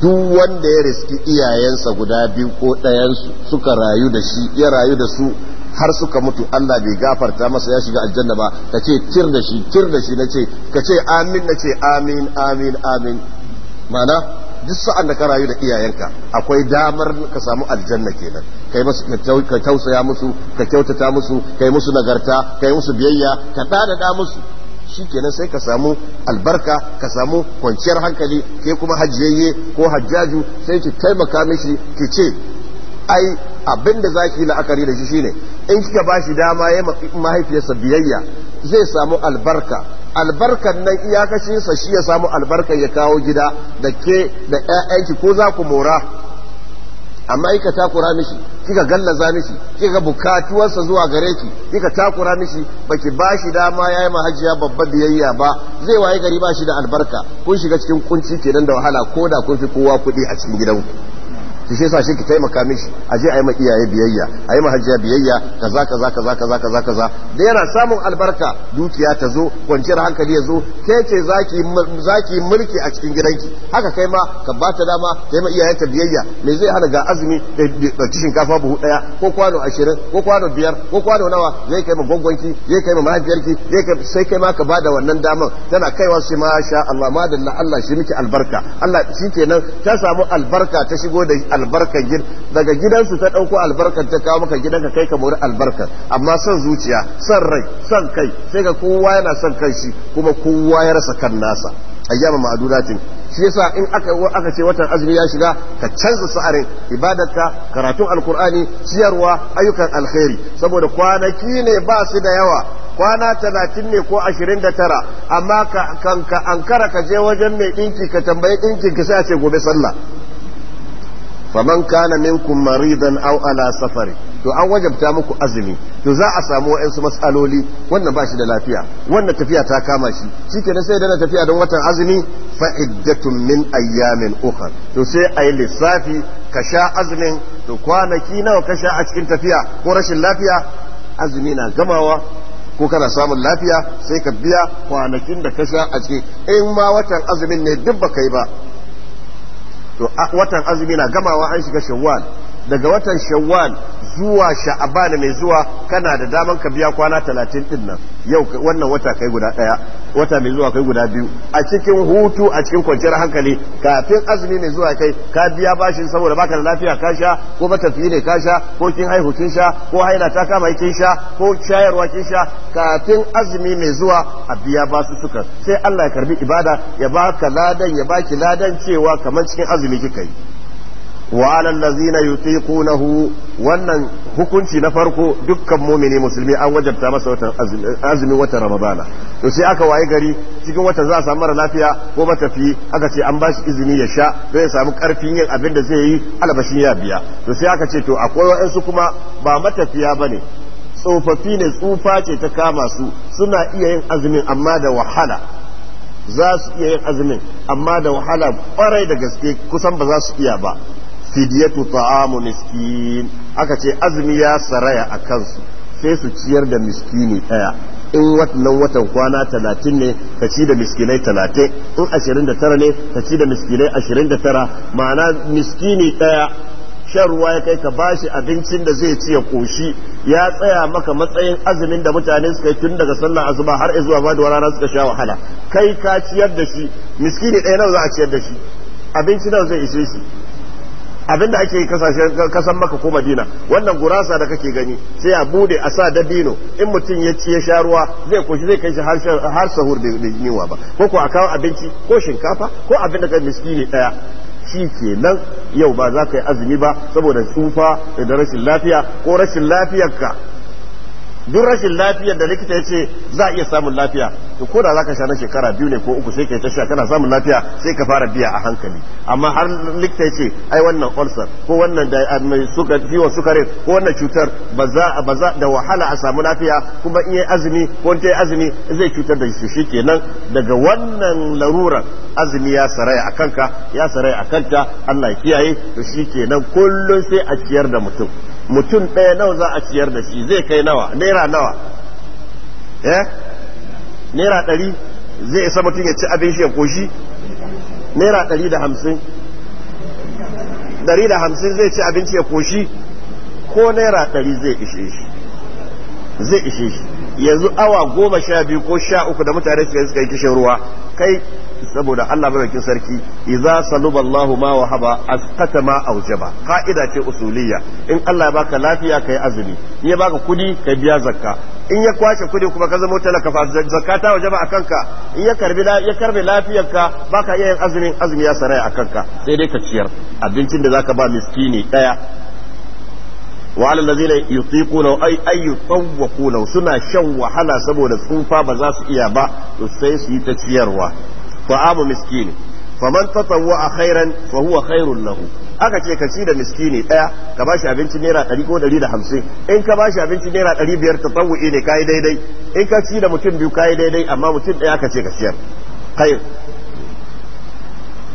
duk wanda ya riski iyayensa guda biyu ko ɗayansu suka rayu da shi ya rayu da su har suka mutu Allah bai gafarta masa ya shiga aljanna ba ka ce tir da shi tir da shi na ce ka ce amin na ce amin amin amin mana duk sa'an da ka rayu da iyayenka akwai damar ka samu aljanna kenan kai musu ka tausaya musu ka kyautata musu kai musu nagarta kai musu biyayya ka ɗa musu shikenan sai ka samu albarka ka samu kwanciyar hankali ke kuma hajjiyayye ko hajjaju sai ki taimaka mishi ki ce ai abin da zaki la'akari da shi shine in kika bashi dama ya mahaifiyarsa biyayya zai samu albarka albarkan nan iyakashinsa shi ya samu albarkar ya kawo gida da ke da 'ya'yanki ko za ku mora amma ka takura mishi kika gallaza mishi kika bukatuwarsa zuwa gare ki kika takura mishi baki bashi dama yayi mahajiya babba biyayya ba zai waye gari bashi da albarka kun shiga cikin kunci kenan da wahala ko da kun fi kowa kuɗi a cikin gidanku shi sai yasa shi ki taimaka mishi a je a yi iyaye biyayya a yi biyayya kaza kaza kaza kaza kaza kaza da yana samun albarka dukiya ta zo kwanciyar hankali ya zo ke ce zaki ki mulki a cikin gidanki haka kai ma ka ba ta dama ta yi ma ta biyayya me zai hana ga azumi da shinkafa buhu daya ko kwano ashirin ko kwano biyar ko kwano nawa zai kai ma gwangwanki zai kai ma mahaifiyarki sai kai ma ka ba da wannan damar tana kaiwa shi ma sha Allah madalla Allah shi miki albarka Allah shi kenan ta samu albarka ta shigo da albarkar gid daga gidansu ta ɗauko albarkar ta kawo maka gidanka kai ka mori albarkar amma son zuciya son rai son kai sai ga kowa yana son kai shi kuma kowa ya rasa kan nasa ayyama ma'adudatin shi yasa in aka aka ce watan azumi ya shiga ka canza sa'arin ibadarka karatun alkur'ani ciyarwa ayyukan alkhairi saboda kwanaki ne ba su da yawa kwana talatin ne ko ashirin da tara amma ka ankara ka je wajen mai ɗinki ka tambayi ɗinki ka sai a ce gobe sallah faman kana minkum maridan aw ala safari to an wajabta muku azumi to za a samu wa'ansu matsaloli wannan ba shi da lafiya wannan tafiya ta kama shi shikenan sai na tafiya don watan azumi fa iddatun min ayyamin ukhra to sai ayi lissafi ka sha azumin to kwanaki nawa ka sha a cikin tafiya ko rashin lafiya azumi na gamawa ko kana samun lafiya sai ka biya kwanakin da ka sha a cikin in ma watan azumin ne duk bakai ba to watan azumi na gamawa an shiga shawwal daga watan shawwal zuwa sha'aban mai zuwa kana da daman ka biya kwana talatin din nan yau wannan wata kai guda ɗaya wata mai zuwa kai guda biyu a cikin hutu a cikin kwanciyar hankali kafin azumi mai zuwa kai ka biya bashin saboda baka da lafiya ka sha ko fiye ne ka sha ko kin haihu kin sha ko haila ta kama kin sha ko shayarwa kin sha kafin azumi mai zuwa a biya basu sukan sai Allah ya karbi ibada ya baka ladan ya baki ladan cewa kamar cikin azumi kika yi وعلى الذين يطيقونه yutiqunahu wannan hukunci na farko dukkan mumini musulmi an wajabta masa watan azumin watan ramadana to sai aka waye gari cikin wata za a samu mara lafiya ko matafi aka ce an bashi izini ya sha zai ya samu karfin yin abin da zai yi albashin ya biya to sai aka ce to akwai wa'ansu kuma ba matafiya ba ne tsofaffi ne tsufa ce ta kama su suna iya yin azumin amma da wahala za su iya yin azumin amma da wahala kwarai da gaske kusan ba za su iya ba fidiyatu ta'amu miskin aka ce azumi ya saraya a kansu sai su ciyar da miskini ɗaya in watan watan kwana talatin ne ka ci da miskinai talatin in ashirin da tara ne ka ci da miskinai ashirin da tara ma'ana miskini ɗaya shan ruwa ya kai ka bashi abincin da zai ci ya koshi ya tsaya maka matsayin azumin da mutane suka yi tun daga sallar zuba har zuwa faduwar rana suka sha wahala kai ka ciyar da shi miskini ɗaya nawa za a ciyar da shi abinci nawa zai ishe shi Abin da ake kasashen kasan maka ko madina wannan gurasa da kake gani sai a bude a sa dabino in mutum ya ci ya sha ruwa zai koshi zai kai shi har sahur da yiwa ba ko ko a abinci ko shinkafa ko abin da kai miskini daya shi kenan yau ba za ka yi azumi ba saboda tsufa da rashin lafiya ko rashin lafiyarka duk rashin lafiyar da likita ya ce za a iya samun lafiya to ko da zaka sha na shekara biyu ne ko uku sai kai ta sha kana samun lafiya sai ka fara biya a hankali amma har likita ya ce ai wannan ulcer ko wannan da mai suka ciwon sukare ko wannan cutar ba za ba za da wahala a samu lafiya kuma in yi azumi ko in azumi zai cutar da shi kenan daga wannan larurar azumi ya saraya a kanka ya saraya a kanta Allah ya kiyaye to kenan kullun sai a ciyar da mutum mutum ɗaya nawa za a ciyar da shi zai kai nawa naira nawa eh naira ɗari zai isa mutum ya ci abin shi ya koshi naira ɗari da hamsin ɗari da hamsin zai ci abinci ya koshi ko naira ɗari zai ishe shi zai ishe shi yanzu awa goma sha biyu ko sha uku da mutane suka yi kishin ruwa kai saboda Allah madaukakin sarki idza saluba Allahu ma wahaba asqata ma aujaba ka'ida ce usuliyya in Allah ya baka lafiya kai azumi in ya baka kudi ka biya zakka in ya kwashe kudi kuma ka zama talaka fa zakka ta wajaba akan in ya karbi ya karbi lafiyarka baka iya yin azumin azumi ya saraya akanka sai dai ka ciyar abincin da zaka ba miskini daya وعلى الذين يطيقونه أي أي يطوقونه سنة شو وحلا سبو ba بزاس إيابا يسيس يتسيروا ta'amu miskini faman tatawwa khairan fa huwa khairul lahu aka ce ka ci da miskini daya ka bashi abinci naira 100 ko 150 in ka bashi abinci naira 500 tatawwi ne kai daidai in ka ci da mutum biyu kai daidai amma mutum daya aka ce ka siyar khair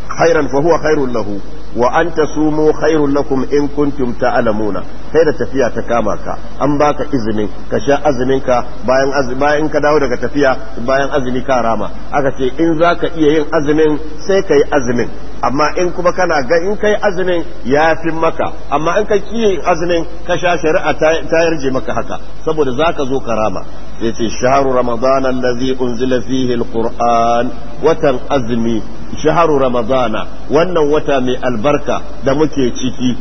khairan fa huwa khairul lahu wa an tasumu khairul lakum in kuntum ta'lamuna kai da tafiya ta kama ka an baka izinin ka sha azumin ka bayan bayan ka dawo daga tafiya bayan azumi ka rama aka ce in zaka iya yin azumin sai kai azumin amma in kuma kana ga in kai azumin ya fi maka amma in ka kiyi azumin ka sha shari'a ta yarje maka haka saboda zaka zo ka rama yace shahru ramadana allazi unzila fihi alquran watan azmi shahru ramadana wannan wata mai albarka da muke ciki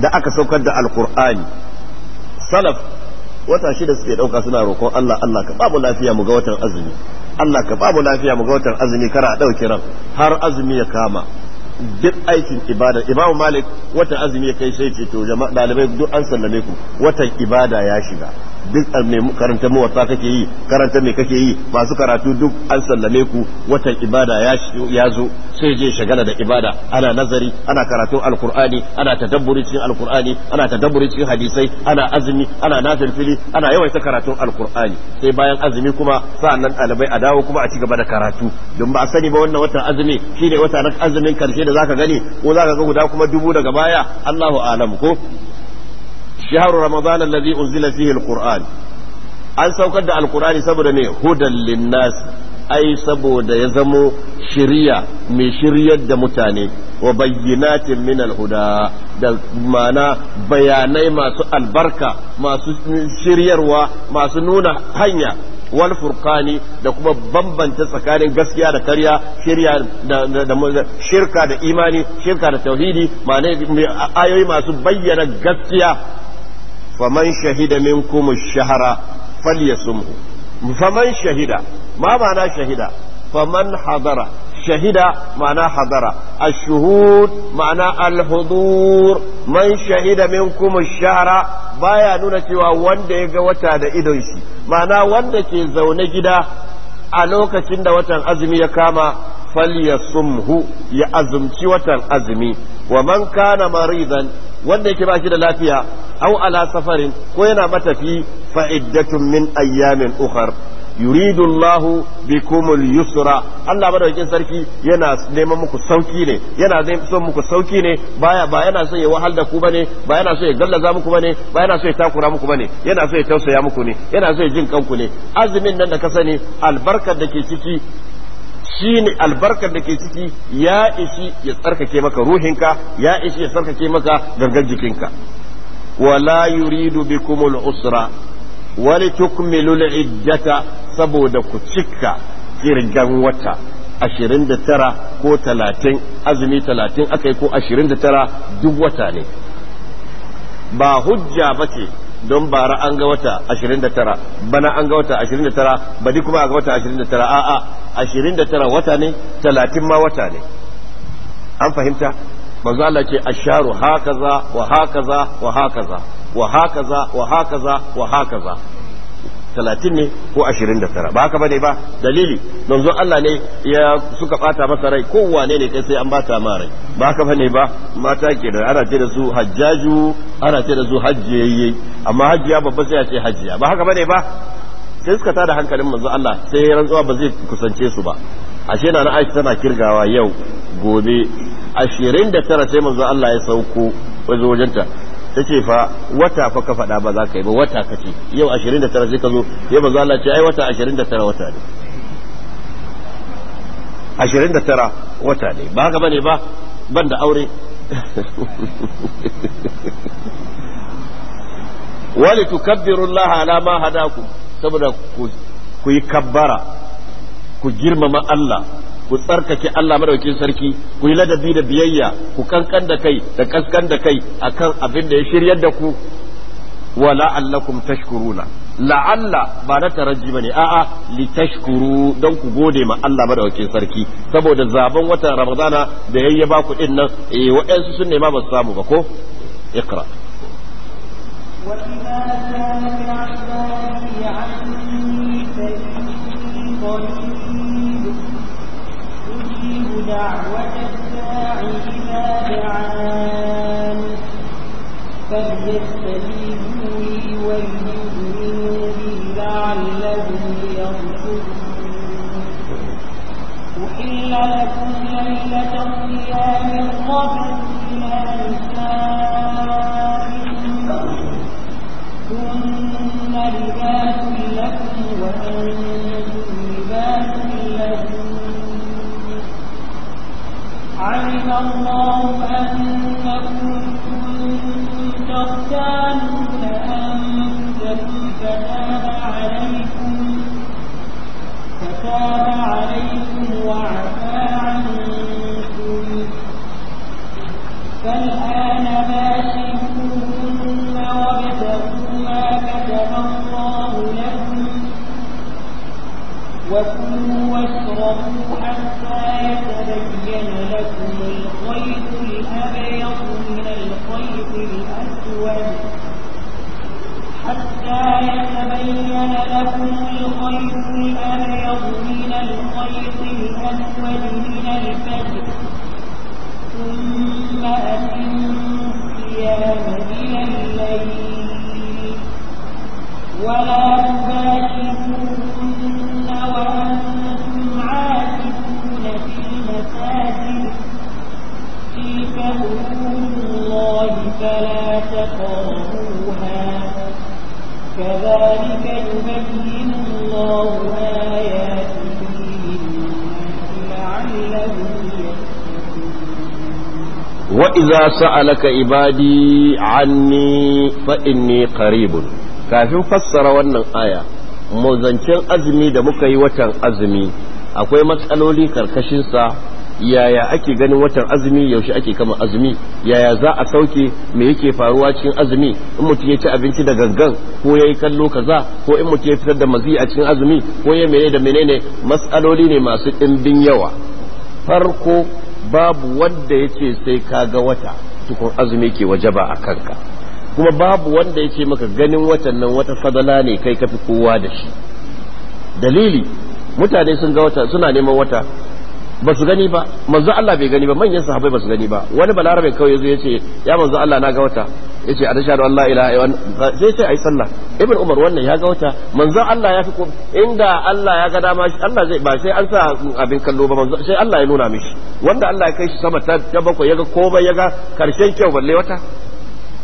da aka saukar da alqur'ani salaf wata shida suke dauka suna roƙon Allah Allah ka babu lafiya mu ga watan azumi Allah ka babu lafiya mu ga watan azumi kara dauki ran har azumi ya kama duk aikin ibada imamu malik watan azumi ya kai sai ce to jama'a dalibai duk an sallame ku watan ibada ya shiga duk mai karanta mawata kake yi karanta mai kake yi masu karatu duk an sallame ku watan ibada ya zo sai je shagala da ibada ana nazari ana karatun alkur'ani ana tadabburi cikin alkur'ani ana tadabburi cikin hadisai ana azumi ana nafilfili ana yawaita karatun alkur'ani sai bayan azumi kuma nan ɗalibai a dawo kuma a ci gaba da karatu don ba a sani ba wannan watan azumi shine wata azumin karshe da zaka gani ko zaka ga guda kuma dubu daga baya Allahu a'lam ko shahru ramadan allazi unzila fihi alquran an saukar da alqurani saboda me hudan linnas ai saboda ya zamo shiriya mai shiryar da mutane wa bayyinatin min alhuda da mana bayanai masu albarka masu shiryarwa masu nuna hanya wal furqani da kuma bambanta tsakanin gaskiya da karya da shirka da imani shirka da tauhidi ma'ana ayoyi masu bayyana gaskiya faman shahida minkum ash-shahra falyasumhu faman shahida ma ma'ana shahida faman hadara shahida ma'ana hadara ash-shuhud ma'ana al man shahida minkum ash-shahra baya nuna cewa wanda ya ga wata da idon shi ma'ana wanda ke zaune gida a lokacin da watan azumi ya kama falyasumhu ya azumci watan azumi wa man kana maridan wanda yake ba shi da lafiya aw ala safarin ko yana matafi fa iddatun min ayyamin ukhra يريد الله bikumul yusra Allah بدا sarki yana neman muku sauki ne yana son muku سو ne سوكي ني yana so ya wahal da ku bane ba yana so ya gallaza muku bane ba yana so ya takura muku bane yana so ya tausaya muku ne yana so ya jin kanku ne azumin nan da ka sani albarkar da ke ciki da ke ciki ya ishi ya tsarkake maka ruhinka ya ishi ya tsarkake maka gangan jikinka wala yuridu bikumul usra wali tukmilul iddata saboda ku cika kirgan wata ashirin da tara ko talatin azumi talatin aka yi ko ashirin da tara duk wata ne ba hujja ba ce don bara an ga wata ashirin da tara bana an ga wata ashirin da tara badi kuma ga wata ashirin da tara a'a ashirin da tara wata ne talatin ma wata ne an fahimta manzo Allah ce asharu hakaza wa hakaza wa hakaza wa hakaza wa hakaza wa hakaza talatin ne ko ashirin da tara ba haka bane ba dalili manzon Allah ne ya suka bata masa rai wane ne kai sai an bata ma rai ba haka bane ba mata ke da ana ce da su hajjaju ana ce da su hajjiyayye amma hajjiya babba sai a ce hajjiya ba haka bane ba sai suka tada hankalin manzon Allah sai ya rantsuwa ba zai kusance su ba ashe na Aisha tana kirgawa yau gobe ashirin da tara sai manzon Allah ya sauko wajen wajenta ta fa wata fa ka faɗa ba za ka yi ba wata ka ce yau 29 sai ka zo yau ba za Allah ce ai wata 29 wata ne 29 wata ne ba haka bane ba ban da aure wani tukabbiru Allah ala ma hadakum saboda ku yi kabbara ku girmama Allah ku tsarkake Allah madaukin sarki ku yi ladabi da biyayya ku kankan da kai da kaskan da kai akan abin da ya shiryar da ku wa la'allakum tashkuruna la'alla ba na taraji bane a'a li tashkuru don ku gode ma Allah madaukakin sarki saboda zaben watan Ramadana da yayye ba ku din nan eh waɗansu sun nema ba su samu ba ko iqra وإذا سألك عبادي عني فإني قريب دعوة الداع إذا دعان فليستجيبوا لي وليؤمنوا بي لعلهم يرشدون أحل لكم ليلة الصيام قبل إلى نسائكم كن لباس لكم وأنتم Thank you. وكلوا واشربوا حتى يتبين لكم الخيط الأبيض من الخيط الأسود حتى يتبين لكم الخيط الأبيض من الخيط الأسود من الفجر ثم أتموا الصيام إلى الليل ولا تباشروا حدود الله فلا تقربوها كذلك يبين الله آياته للناس لعلهم وإذا سألك عبادي عني فإني قريب kafin fassara wannan aya muzancin azumi da muka yi watan azumi akwai matsaloli karkashinsa yaya ake ganin watan azumi yaushe ake kama azumi yaya za a sauke me yake faruwa cikin azumi in mutum ya ci abinci da gangan ko ya yi kallo kaza ko in mutum ya fitar da mazi a cikin azumi ko ya menene da menene matsaloli ne masu ɗimbin yawa farko babu wanda ya ce sai ka ga wata tukun azumi ke wajaba a kanka kuma babu wanda ya ce maka ganin watan nan wata fadala ne kai ka fi kowa da shi dalili mutane sun ga wata suna neman wata ba su gani ba manzo Allah bai gani ba manyan sahabbai ba su gani ba wani balarabe kawai yazo yace ya manzo Allah na ga wata yace a dashar Allah ila illa sai sai ayi sallah ibn umar wannan ya ga wata manzo Allah ya fi ko inda Allah ya ga dama shi Allah zai ba sai an sa abin kallo ba manzo sai Allah ya nuna mishi wanda Allah ya kai shi sama ta bakwai ya ga komai ya ga karshen kyau balle wata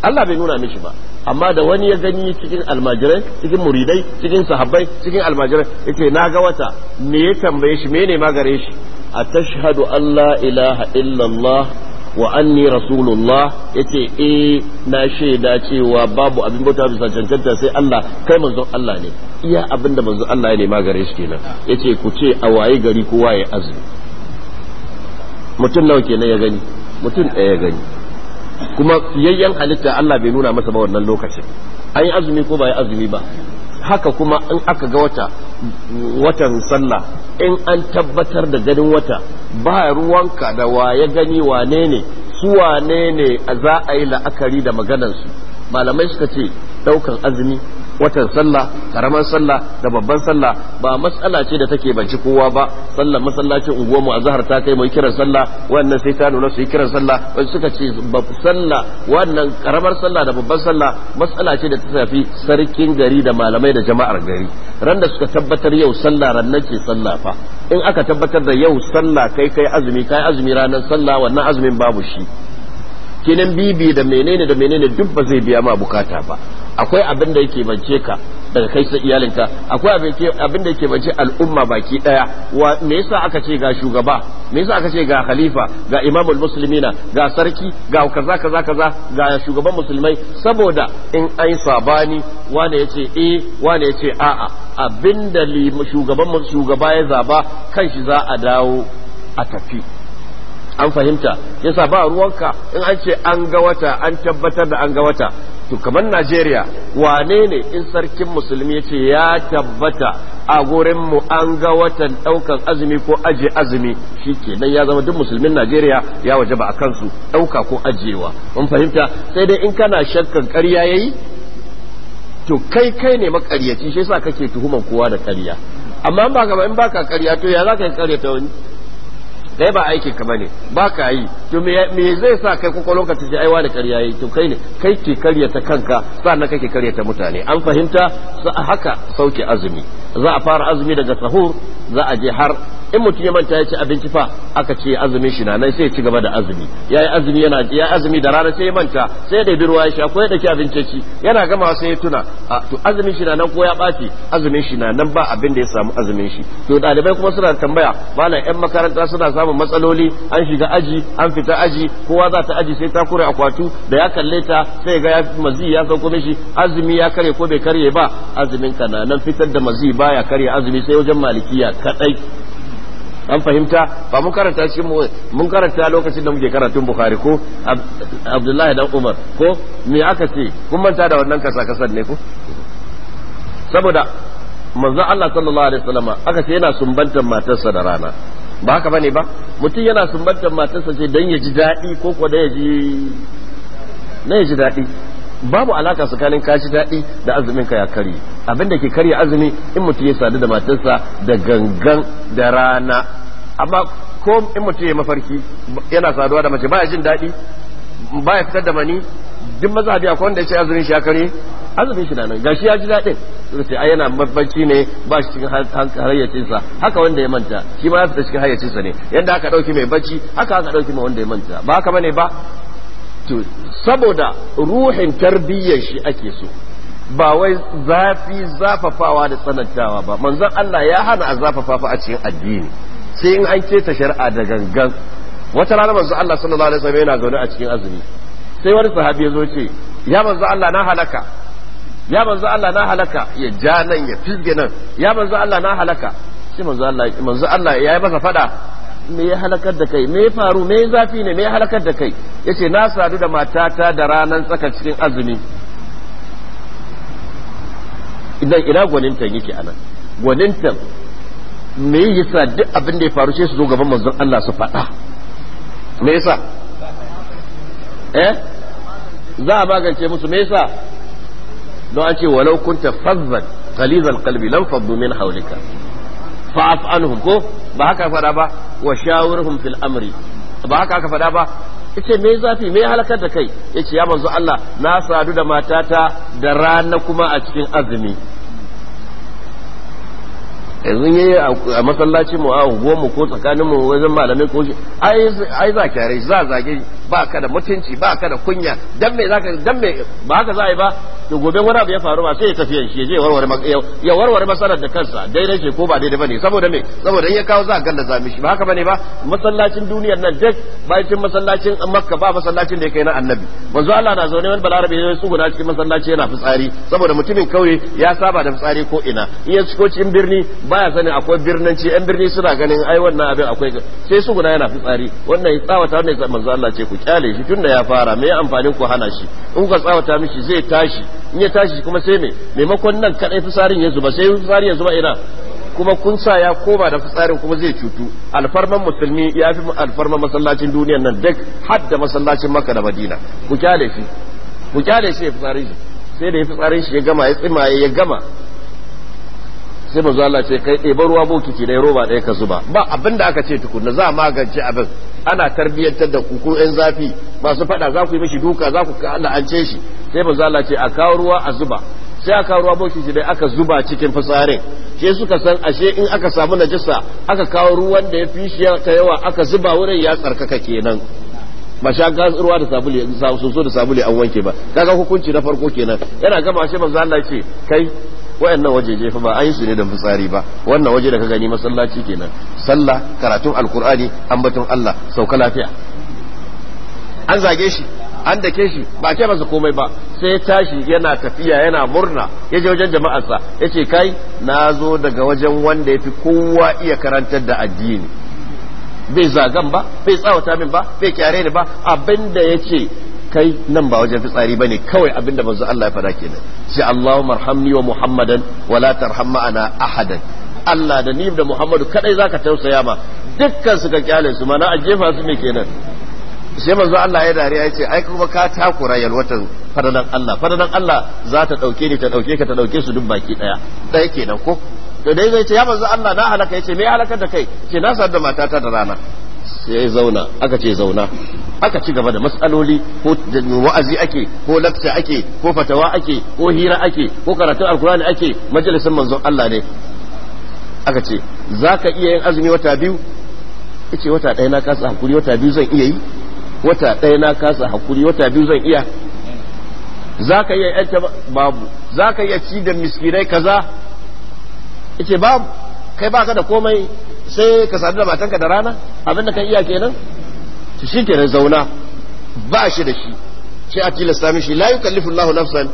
Allah bai nuna mishi ba amma da wani ya gani cikin almajirai cikin muridai cikin sahabbai cikin almajirai yace na ga wata me ya tambaye shi mene ma gare shi tashhadu an la ilaha illallah wa anni rasulullah yace eh na shaida cewa babu abin bauta bisa cancanta sai Allah kai manzon Allah ne iya abinda manzon Allah ya nema gare shi kenan yace ku ce a waye gari kowa ya azumi mutum nawa kenan ya gani mutum ɗaya ya gani kuma siyayyen halitta Allah bai nuna masa ba wannan lokacin an yi azumi ko ba yi azumi ba haka kuma in aka ga wata watan sallah in an tabbatar da ganin wata ba ruwanka da wa ya gani wane ne su wane ne a za a yi la'akari da maganarsu malamai suka ce daukan azumi watan sallah karaman sallah da babban sallah ba matsala ce da take banci kowa ba sallar masallacin unguwa mu a azhar ta kai mai kiran sallah wannan sai ta nuna su kiran sallah wasu suka ce sallah wannan karamar sallah da babban sallah matsala ce da ta shafi sarkin gari da malamai da jama'ar gari ran da suka tabbatar yau sallah ran ce sallah fa in aka tabbatar da yau sallah kai kai azumi kai azumi ranar sallah wannan azumin babu shi kinan bibi da menene da menene duk ba zai biya ma bukata ba akwai abin da yake bance ka daga kai sai iyalinka akwai abin da yake bance al'umma baki daya wa me yasa aka ce ga shugaba me yasa aka ce ga khalifa ga imamul muslimina ga sarki ga kaza kaza kaza ga shugaban musulmai saboda in an sabani wane yace eh wane yace a'a abinda shugaban shugaba ya zaba kanshi za a dawo a tafi an fahimta yasa ba ruwanka in an ce an ga wata an tabbatar da an ga wata to kamar Najeriya wane ne in sarkin musulmi ya ce ya tabbata a gurin mu an ga watan daukan azumi ko aje azumi shi ke nan ya zama duk musulmin Najeriya ya waje ba a kansu dauka ko ajewa mun fahimta sai dai in kana shakkan ƙarya yayi to kai kai ne makaryaci shi yasa kake tuhuman kowa da ƙarya amma ba in baka ƙarya to ya zaka yi ƙarya ta wani kai ba aiki ka bane ba ka yi to me zai sa kai kwakwalwar lokacin da aiwa da karya yi to kai ne kai ke karya ta kanka sannan kake ta mutane an fahimta haka sauke azumi za a fara azumi daga sahur za a je har in mutum ya manta ya ci abinci fa aka ce azumin shi nan sai ya ci gaba da azumi ya yi azumi yana ya azumi da rana sai ya manta sai da bi ruwa ya sha ko ya dake abinci ci yana gama sai ya tuna a to azumin shi nan ko ya bati azumin shi nan ba abin da ya samu azumin shi to dalibai kuma suna tambaya malam yan makaranta suna samu samun matsaloli an shiga aji an fita aji kowa za ta aji sai ta kure akwatu da ya kalle ta sai ga mazi ya sauko mishi azumi ya karye ko bai karye ba azumin ka na nan fitar da mazi baya kare azumi sai wajen malikiya kadai an fahimta ba mun karanta shi mun karanta lokacin da muke karatun bukhari ko abdullahi dan umar ko me aka ce kun manta da wannan kasa kasan ne ko saboda manzo Allah sallallahu alaihi wasallama aka ce yana sumbantar matarsa da rana ba haka bane ba mutum yana sumbantar matarsa ce dan ya ji daɗi ko kuwa da ya ji na ya daɗi babu alaka tsakanin ka ji daɗi da azumin ka ya karye abin da ke karya azumi in mutum ya sadu da matarsa da gangan da rana amma ko in mutum ya mafarki yana saduwa da mace ba ya jin daɗi ba ya fitar da mani duk mazhabi akwai wanda ya ce azumin shi ya azumin shi na nan gashi ya ji daɗin sai ai yana mabbanci ne ba shi cikin hayyacinsa haka wanda ya manta shi ma ya fita cikin hayyacinsa ne yadda aka ɗauki mai bacci haka aka ɗauki mai wanda ya manta ba haka bane ba to saboda ruhin tarbiyyar shi ake so ba wai zafi zafafawa da tsanantawa ba manzon Allah ya hana a zafafa a cikin addini sai in an keta shari'a da gangan wata rana manzon Allah sallallahu alaihi wasallam yana zaune a cikin azumi sai wani sahabi ya zo ce ya manzo Allah na halaka ya manzo Allah na halaka ya ja nan ya fige nan ya manzo Allah na halaka shi manzo Allah manzo Allah ya yi masa fada me ya halakar da kai me ya faru me ya zafi ne me ya halakar da kai yace na sadu da matata da ranan tsaka cikin azumi idan ina gwanintan yake anan gwanintan me yasa duk abin da ya faru sai su zo gaban manzon Allah su faɗa me yasa eh za a magance musu me yasa don an ce walau kunta fazzan qalizal qalbi lam faddu min hawlika fa ko ba haka fada ba wa shawirhum fil amri ba haka aka fada ba yace me zafi me halakar da kai yace ya manzo Allah na sadu da matata da rana kuma a cikin azumi yanzu yi a masallacin mu a unguwar mu ko tsakanin mu wajen malamai ko shi ai za ka yare za zage ba ka da mutunci ba ka da kunya dan me zaka dan me ba ka za a yi ba to gobe wani abu ya faru ba sai ya tafi shi je warware ya warware masalar da kansa daidai ce ko ba daidai bane saboda me saboda in ya kawo za ka gallaza shi ba haka bane ba masallacin duniyar nan duk bayan masallacin Makka ba masallacin da ya kai na Annabi manzo Allah na zaune wani balarabe ya guda cikin masallaci yana fitsari saboda mutumin kauye ya saba da fitsari ko ina in ya cikin birni baya sanin akwai birnanci yan birni suna ganin ai wannan abin akwai sai su guda yana fitsari wannan ya tsawata wannan ya manzo Allah ce ku kyale shi tunda ya fara me amfanin ku hana shi in ku tsawata mishi zai tashi in ya tashi kuma sai me maimakon nan kadai fitsarin ya zuba sai fitsari ya zuba ina kuma kun sa ya koma da fitsarin kuma zai cutu alfarman musulmi ya fi alfarman masallacin duniyan nan duk hadda masallacin makka da madina ku kyale shi ku kyale shi ya fitsarin shi sai da ya fitsarin shi ya gama ya tsima ya gama sai manzo Allah ce kai ba ruwa bokiti dai roba ɗaya ka zuba ba abin da aka ce tukunna za magance abin ana tarbiyyantar da ku ko yan zafi masu faɗa za ku yi mishi duka za ku la'ance shi sai manzo Allah ce a kawo ruwa a zuba sai a aka ruwa bokiti dai aka zuba cikin fitsarin sai suka san ashe in aka samu najasa aka kawo ruwan da ya fi shi ta yawa aka zuba wurin ya tsarkaka kenan ba sha ruwa da sabuli sun so da sabuli an wanke ba kaga hukunci na farko kenan yana gama shi manzo Allah ce kai wayannan wajeje fa ba an yi su ne da fitsari ba wannan waje da ka gani masallaci kenan sallah karatun alkur'ani ambaton Allah sauka lafiya an zage shi an da ke shi ba ke masa komai ba sai ya tashi yana tafiya yana murna ya je wajen jama'arsa ya ce kai na zo daga wajen wanda ya fi kowa iya karantar da addini bai zagan ba bai tsawata min ba bai kyare ni ba abinda ya ce kai nan ba wajen fitsari bane kawai abinda manzo Allah ya fada kenan sai Allahu marhamni wa Muhammadan wa la tarham ma'ana ahadan Allah da ni da Muhammadu kadai zaka tausaya ma dukkan su ka kyale su mana a jefa su me kenan sai manzo Allah ya dariya ya ce ai kuma ka takura yalwatan fadalan Allah fadalan Allah za ta dauke ni ta dauke ka ta dauke su duk baki daya dai kenan ko to dai zai ce ya manzo Allah na halaka yace me halaka da kai ce na sadda matata da rana yi zauna aka ce zauna aka ci gaba da matsaloli ko wa'azi ake ko lakta ake ko fatawa ake ko hira ake ko karatun alkurani ake majalisar manzon Allah ne aka ce za ka iya yin azumi wata biyu ce wata ɗaya na kasa hakuri wata biyu zan iya yi wata ɗaya na kasa hakuri wata biyu zan iya za ka iya yanta babu za ka iya ci da miskirai kaza ce babu kai baka da komai sai ka sadu da matanka da rana abinda kan iya kenan to shi kenan zauna ba shi da shi sai a tilasta mishi la yukallifu Allahu nafsan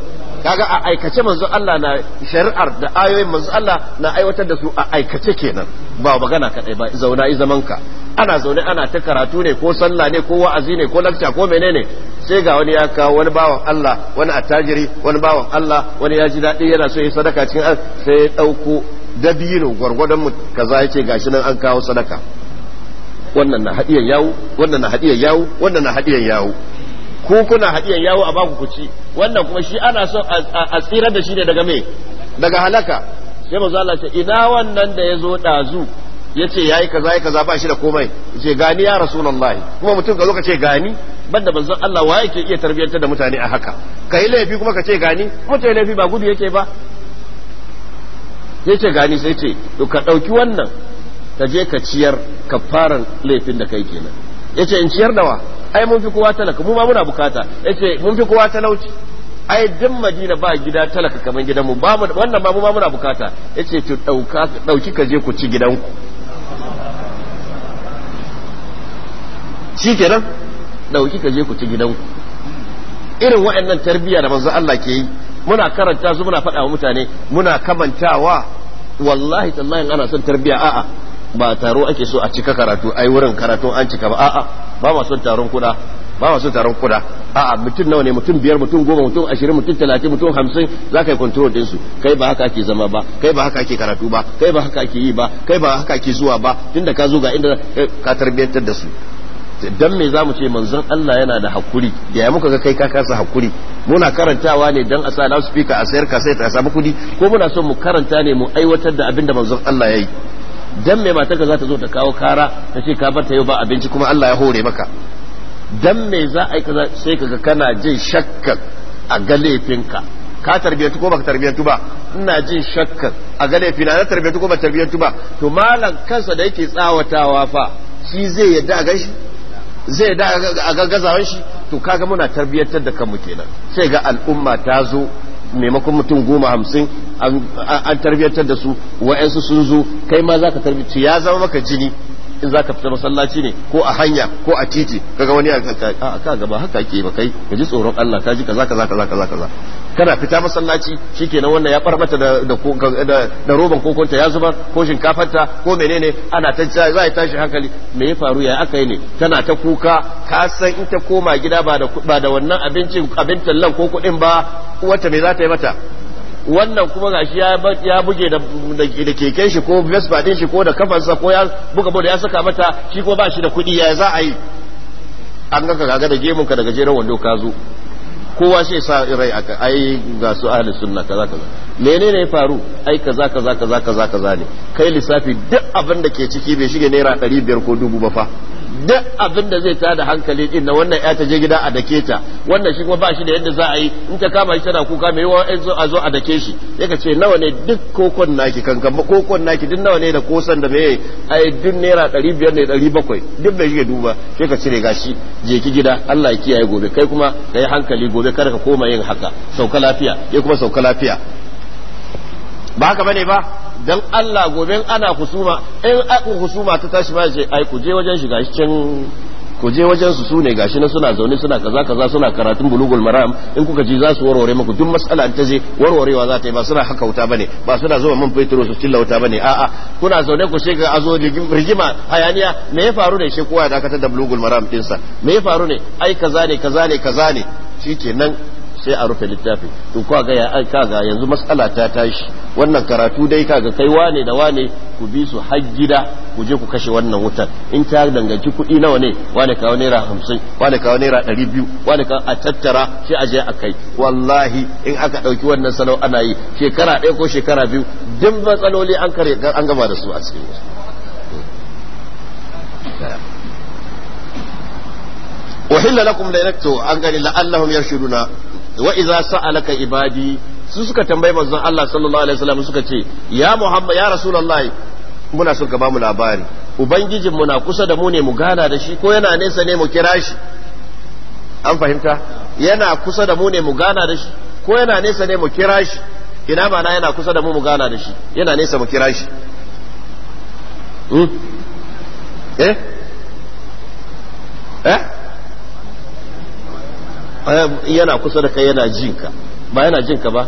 kaga a aikace manzo Allah na shari'ar da ayoyin manzo Allah na aiwatar da su a aikace kenan ba magana kadai ba zauna i zaman ka. ana zaune ana ta karatu ne ko sallah ne ko wa'azi ne ko lakca ko menene sai ga wani ya kawo wani bawan Allah wani attajiri wani bawan Allah wani ya ji daɗi yana so ya sadaka cikin sai ya ɗauko dabino gwargwadon mu kaza yake gashi nan an kawo sadaka wannan na hadiyan yawo wannan na hadiyan yawo wannan na hadiyan yawo ku kuna hadiyan yawo a baku kuci wannan kuma shi ana son a tsira da shi ne daga me daga halaka sai mu zalla ce ina wannan da yazo dazu yace yayi kaza yayi kaza ba shi da komai yace gani ya rasulullahi kuma mutum ka zo ka ce gani banda manzon Allah waye ke iya tarbiyantar da mutane a haka kai laifi kuma ka ce gani mutum laifi ba gudu yake ba ya ce gani sai ce to ka ɗauki wannan ka je ka ciyar ka fara laifin da kai kenan ya ce in ciyar da wa ai mun fi kowa talaka mu ma muna bukata ya ce mun fi kowa talauci ai duk madina ba gida talaka kamar gidan mu wannan ba mu ma muna bukata ya ce to ɗauki ka je ku ci gidanku shi kenan ɗauki ka je ku ci gidanku irin wa'annan tarbiyya da manzo Allah ke yi muna karanta su muna faɗa wa mutane muna kamantawa wallahi tallahi ana son tarbiya a'a ba taro ake so a cika karatu ai wurin karatu an cika ba a'a ba ma son taron kuda ba ma son taron kuda a'a mutum nawa ne mutum biyar mutum goma mutum ashirin mutum talatin mutum hamsin za ka yi control ɗinsu kai ba haka ake zama ba kai ba haka ake karatu ba kai ba haka ake yi ba kai ba haka ake zuwa ba tunda ka zo ga inda ka tarbiyyantar da su dan me zamu ce manzon Allah yana da hakuri yaya muka ga kai ka kasa hakuri muna karantawa ne dan a sa speaker a sayar kaset a samu kudi ko muna son mu karanta ne mu aiwatar da abin da manzon Allah yayi dan me matarka za ta zo ta kawo kara ta ce ka bar ta yau ba abinci kuma Allah ya hore maka dan me za a yi kaza sai kaga kana jin shakkan a galefinka. ka tarbiyantu ko baka tarbiyantu ba ina jin shakkan a ga laifina na tarbiyantu ko ba tarbiyantu ba to malam kansa da yake tsawatawa fa shi zai yadda a gaishe. zai da a gaggazawan shi to kaga muna tarbiyyantar da kanmu kenan sai ga al'umma ta zo maimakon mutum goma hamsin an tarbiyyantar da su wa'yansu sun zo kai ma za ka tarbiyyanci ya zama maka jini in za ka fita masallaci ne ko a hanya ko a titi kaga wani a ka gaba haka ake ba kai ka ji tsoron Allah ka ji kaza kaza kaza kaza kaza kana fita masallaci shikenan wannan ya bar mata da da roban kokonta ya zuba ko shinkafarta ko menene ana ta za ta tashi hankali me ya faru ya aka yi ne tana ta kuka ka san in ta koma gida ba da ba da wannan abincin abin tallan ko kuɗin ba uwarta me za ta yi mata wannan kuma gashi ya buge da keken shi ko vespa din shi ko da kafansa ko ya buga bola ya saka mata shi ko ba shi da kuɗi ya za a yi an ganka kaga da gemun ka daga jeren wando ka zo kowa sai sa rai aka ai ga su ahli sunna kaza kaza menene ya faru ai kaza kaza kaza kaza ne kai lissafi duk abin da ke ciki bai shige naira 500 ko dubu ba fa duk abin da zai tada hankali din na wannan ya ta je gida a dake ta wannan shi kuma ba shi da yadda za a yi in ta kama shi tana kuka mai yawa zo a zo a dake shi ka ce nawa ne duk kokon naki kankan kokon naki duk nawa ne da kosan da meye ai duk naira ɗari biyar ne ɗari bakwai duk bai shiga duba sai ka cire gashi je ki gida Allah ya kiyaye gobe kai kuma ka yi hankali gobe kar ka koma yin haka sauka lafiya ya kuma sauka lafiya ba haka bane ba dan Allah gobe ana husuma in aku husuma ta tashi ba ce ai ku je wajen shi cikin can ku je wajen su sune gashi na suna zaune suna kaza kaza suna karatun bulugul maram in kuka ji za su warware muku duk mas'ala ta je warwarewa za ta yi ba suna haka wuta bane ba suna zuwa mun fitro su cilla wuta bane a'a kuna zaune ku shiga azo rigima hayaniya me ya faru ne shi kowa ya dakatar da bulugul maram dinsa me ya faru ne ai kaza ne kaza ne kaza ne shikenan sai a rufe littafi to ga ya kaga yanzu matsala ta tashi wannan karatu dai kaga kai wane da wane ku bi su har gida ku je ku kashe wannan wutar in ta danganci kuɗi nawa ne wane kawo naira hamsin wane kawo naira ɗari biyu wane kawo a tattara sai a je a kai wallahi in aka ɗauki wannan salau ana yi shekara ɗaya ko shekara biyu duk matsaloli an kare an gaba da su a cikin wasu uhilla lakum laylatu an gani la'allahum yarshuduna wa idza sa'alaka ibadi su suka tambayi manzon Allah sallallahu alaihi wasallam suka ce ya Muhammad ya Rasulullahi muna son ka bamu labari ubangijin mu na kusa da mu ne mu gana da shi ko yana nesa ne mu kira shi an fahimta yana kusa da mu ne mu gana da shi ko yana nesa ne mu kira shi ina ma yana kusa da mu mu gana da shi yana nesa mu kira shi hmm? eh eh Eh, yana kusa da kai yana jinka ba yana jinka ba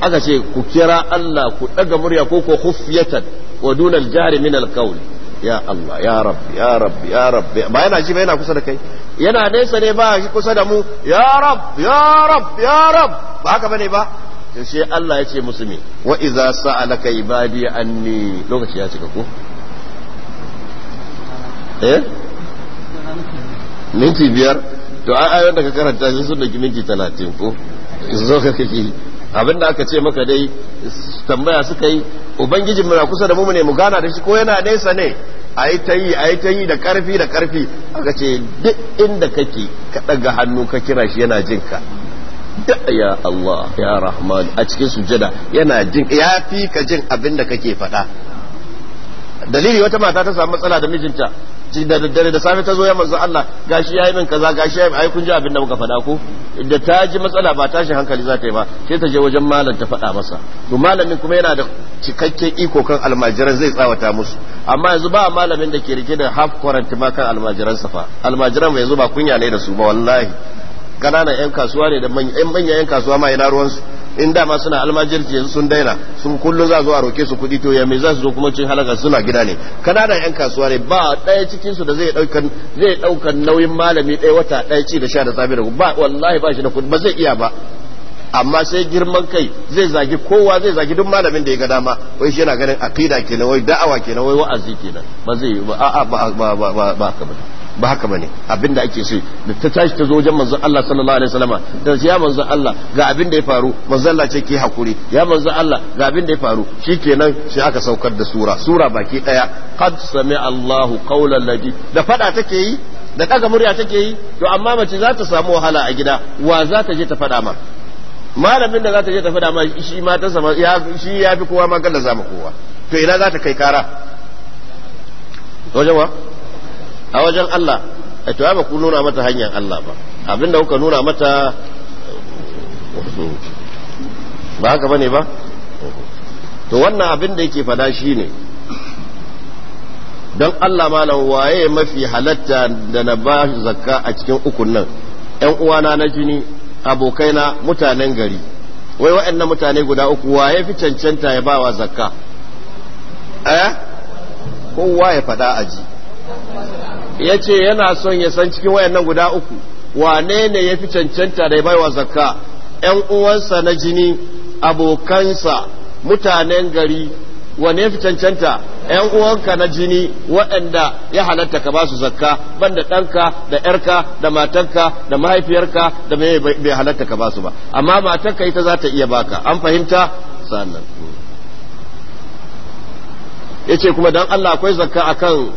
aka ce ku kira Allah ku daga murya ko ko khufyatan wa dun al min al-qawl ya Allah ya rabbi ya rabbi ya rabbi ba yana ji ba yana kusa da kai yana nesa ne ba shi kusa da mu ya Rabbi ya Rabbi ya Rabbi ba haka bane ba sai Allah ya ce musu me wa idza sa'alaka ibadi anni lokaci ya cika ko eh minti biyar to a ayoyin da ka karanta shi sun daki minti talatin ko zo ka kake abin da aka ce maka dai tambaya suka yi ubangijin muna kusa da mu ne mu gana da shi ko yana nesa ne a yi ta yi a yi ta yi da karfi da karfi aka ce duk inda kake ka ɗaga hannu ka kira shi yana jin ka ya Allah ya Rahman a cikin sujada yana jin ya fi ka jin abin da kake faɗa dalili wata mata ta samu matsala da mijinta da daddare da safe ta zo ya manzo Allah gashi yayi min kaza gashi yayi ai kun ji abin da muka faɗa ko da ta ji matsala ba tashi hankali za ta yi ba sai ta je wajen malam ta faɗa masa to malamin kuma yana da cikakken iko kan almajiran zai tsawata musu amma yanzu ba malamin da ke rike da half current ma kan almajiran sa fa almajiran bai zo ba kunya ne da su ba wallahi Ƙananan yan kasuwa ne da manyan yan kasuwa ma ina ruwan su in dama suna almajirci yanzu sun daina sun kullum za zo a roke su kuɗi to ya me za su zo kuma cin halaka suna gida ne kananan yan kasuwa ne ba daya cikin su da zai ɗaukan zai ɗaukan nauyin malami ɗaya wata ɗaya ci da sha da safe da ba wallahi ba shi da kuɗi ba zai iya ba amma sai girman kai zai zagi kowa zai zagi duk malamin da ya ga dama wai shi yana ganin aqida kenan wai da'awa kenan wai wa'azi kenan ba zai ba ba ba ba ba ba ba haka bane abinda ake so da ta tashi ta zo wajen manzon Allah sallallahu alaihi wasallama da ya manzon Allah ga abin da ya faru manzon Allah ce ki hakuri ya manzon Allah ga abin da ya faru shikenan shi aka saukar da sura sura baki daya qad sami Allahu qawlan ladi da fada take yi da ɗaga murya take yi to amma mace za ta samu wahala a gida wa za ta je ta fada ma malamin da za ta je ta fada ma shi ma ta zama shi ya kowa ma gallaza zama kowa to ina za ta kai kara wajen wa a wajen Allah a to ba ku nuna mata hanyar Allah ba abinda kuka nuna mata ba haka bane ba to wannan abin da yake fada ne don Allah malam waye mafi halatta da na ba zakka a cikin ukun nan ‘yan uwana na jini abokaina mutanen gari wai waɗannan mutane guda uku waye fi cancanta ya ba wa zakka eh kowa ya fada aji ya ce yana son ya san cikin wayannan guda uku wane ne ya fi cancanta da ya baiwa zakka ‘yan uwansa na jini abokansa mutanen gari wane ya fi cancanta ‘yan uwanka na jini waɗanda ya halatta ka basu su zakka da ɗanka da ‘yarka da matanka da mahaifiyarka da mai bai halatta ka basu ba amma matanka ita za ta iya baka an fahimta sannan ya ce kuma don Allah akwai zakka akan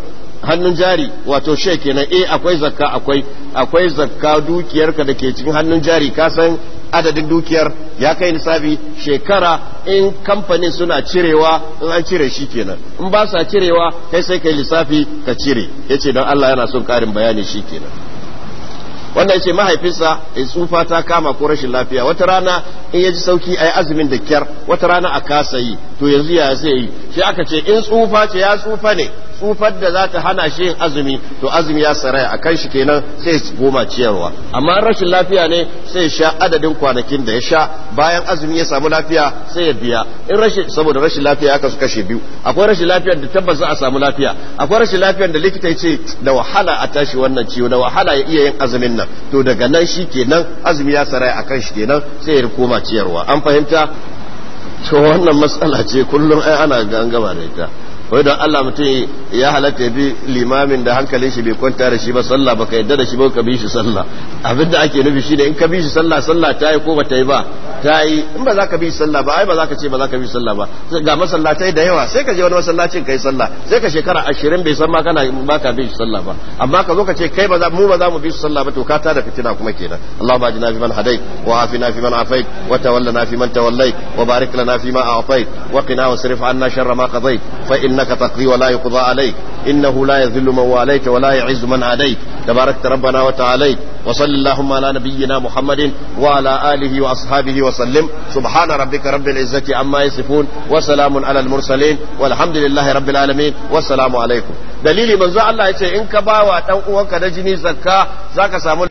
hannun jari wato she kenan eh akwai zakka akwai akwai zakka dukiyarka da ke cikin hannun jari ka san adadin dukiyar ya kai lissafi shekara in kamfanin suna cirewa in an cire shi kenan in ba sa cirewa kai sai kai lissafi ka cire yace don Allah yana son karin bayani shi kenan wannan yace mahaifinsa ya eh, tsufa ta kama ko rashin lafiya wata rana in ya ji sauki a yi azumin da kyar wata rana a kasa yi to yanzu ya zai yi shi aka ce in tsufa ce ya tsufa ne tsufar da za ta hana shi yin azumi to azumi ya saraya a kan shi kenan sai goma ciyarwa amma rashin lafiya ne sai sha adadin kwanakin da ya sha bayan azumi ya samu lafiya sai ya biya in rashin saboda rashin lafiya ya kasu kashe biyu akwai rashin lafiyar da tabbas za a samu lafiya akwai rashin lafiyar da likita ya ce da wahala a tashi wannan ciwo da wahala ya iya yin azumin nan to daga nan shi kenan azumi ya saraya a kan shi kenan sai ya koma ciyarwa an fahimta to wannan matsala ce kullum ai ana gangama da ita wai don Allah mutum ya halatta bi limamin da hankalin shi bai kwanta da shi ba sallah ba ka yadda da shi ba ka bi shi sallah abinda ake nufi shi ne in ka bi shi sallah sallah ta yi ko ba ta yi ba ta yi in ba za ka bi sallah ba ai ba za ka ce ba za ka bi sallah ba ga masallatai da yawa sai ka je wani masallacin kai sallah sai ka shekara ashirin bai san ma kana ba ka bi shi sallah ba amma ka zo ka ce kai ba za mu ba za mu bi shi sallah ba to ka tada fitina kuma kenan Allah ba jina fi man hadai wa na fi man afai wa na fi man tawallai wa barik lana fi ma a'tai wa qina wasrif anna sharra ma qadait fa إنك تقضي ولا يقضى عليك إنه لا يذل من واليت ولا يعز من عاديت تباركت ربنا وتعاليت وصل اللهم على نبينا محمد وعلى آله وأصحابه وسلم سبحان ربك رب العزة عما يصفون وسلام على المرسلين والحمد لله رب العالمين والسلام عليكم dalili manzo Allah ya ce in ka ba wa dan uwanka na jini zakka zaka samu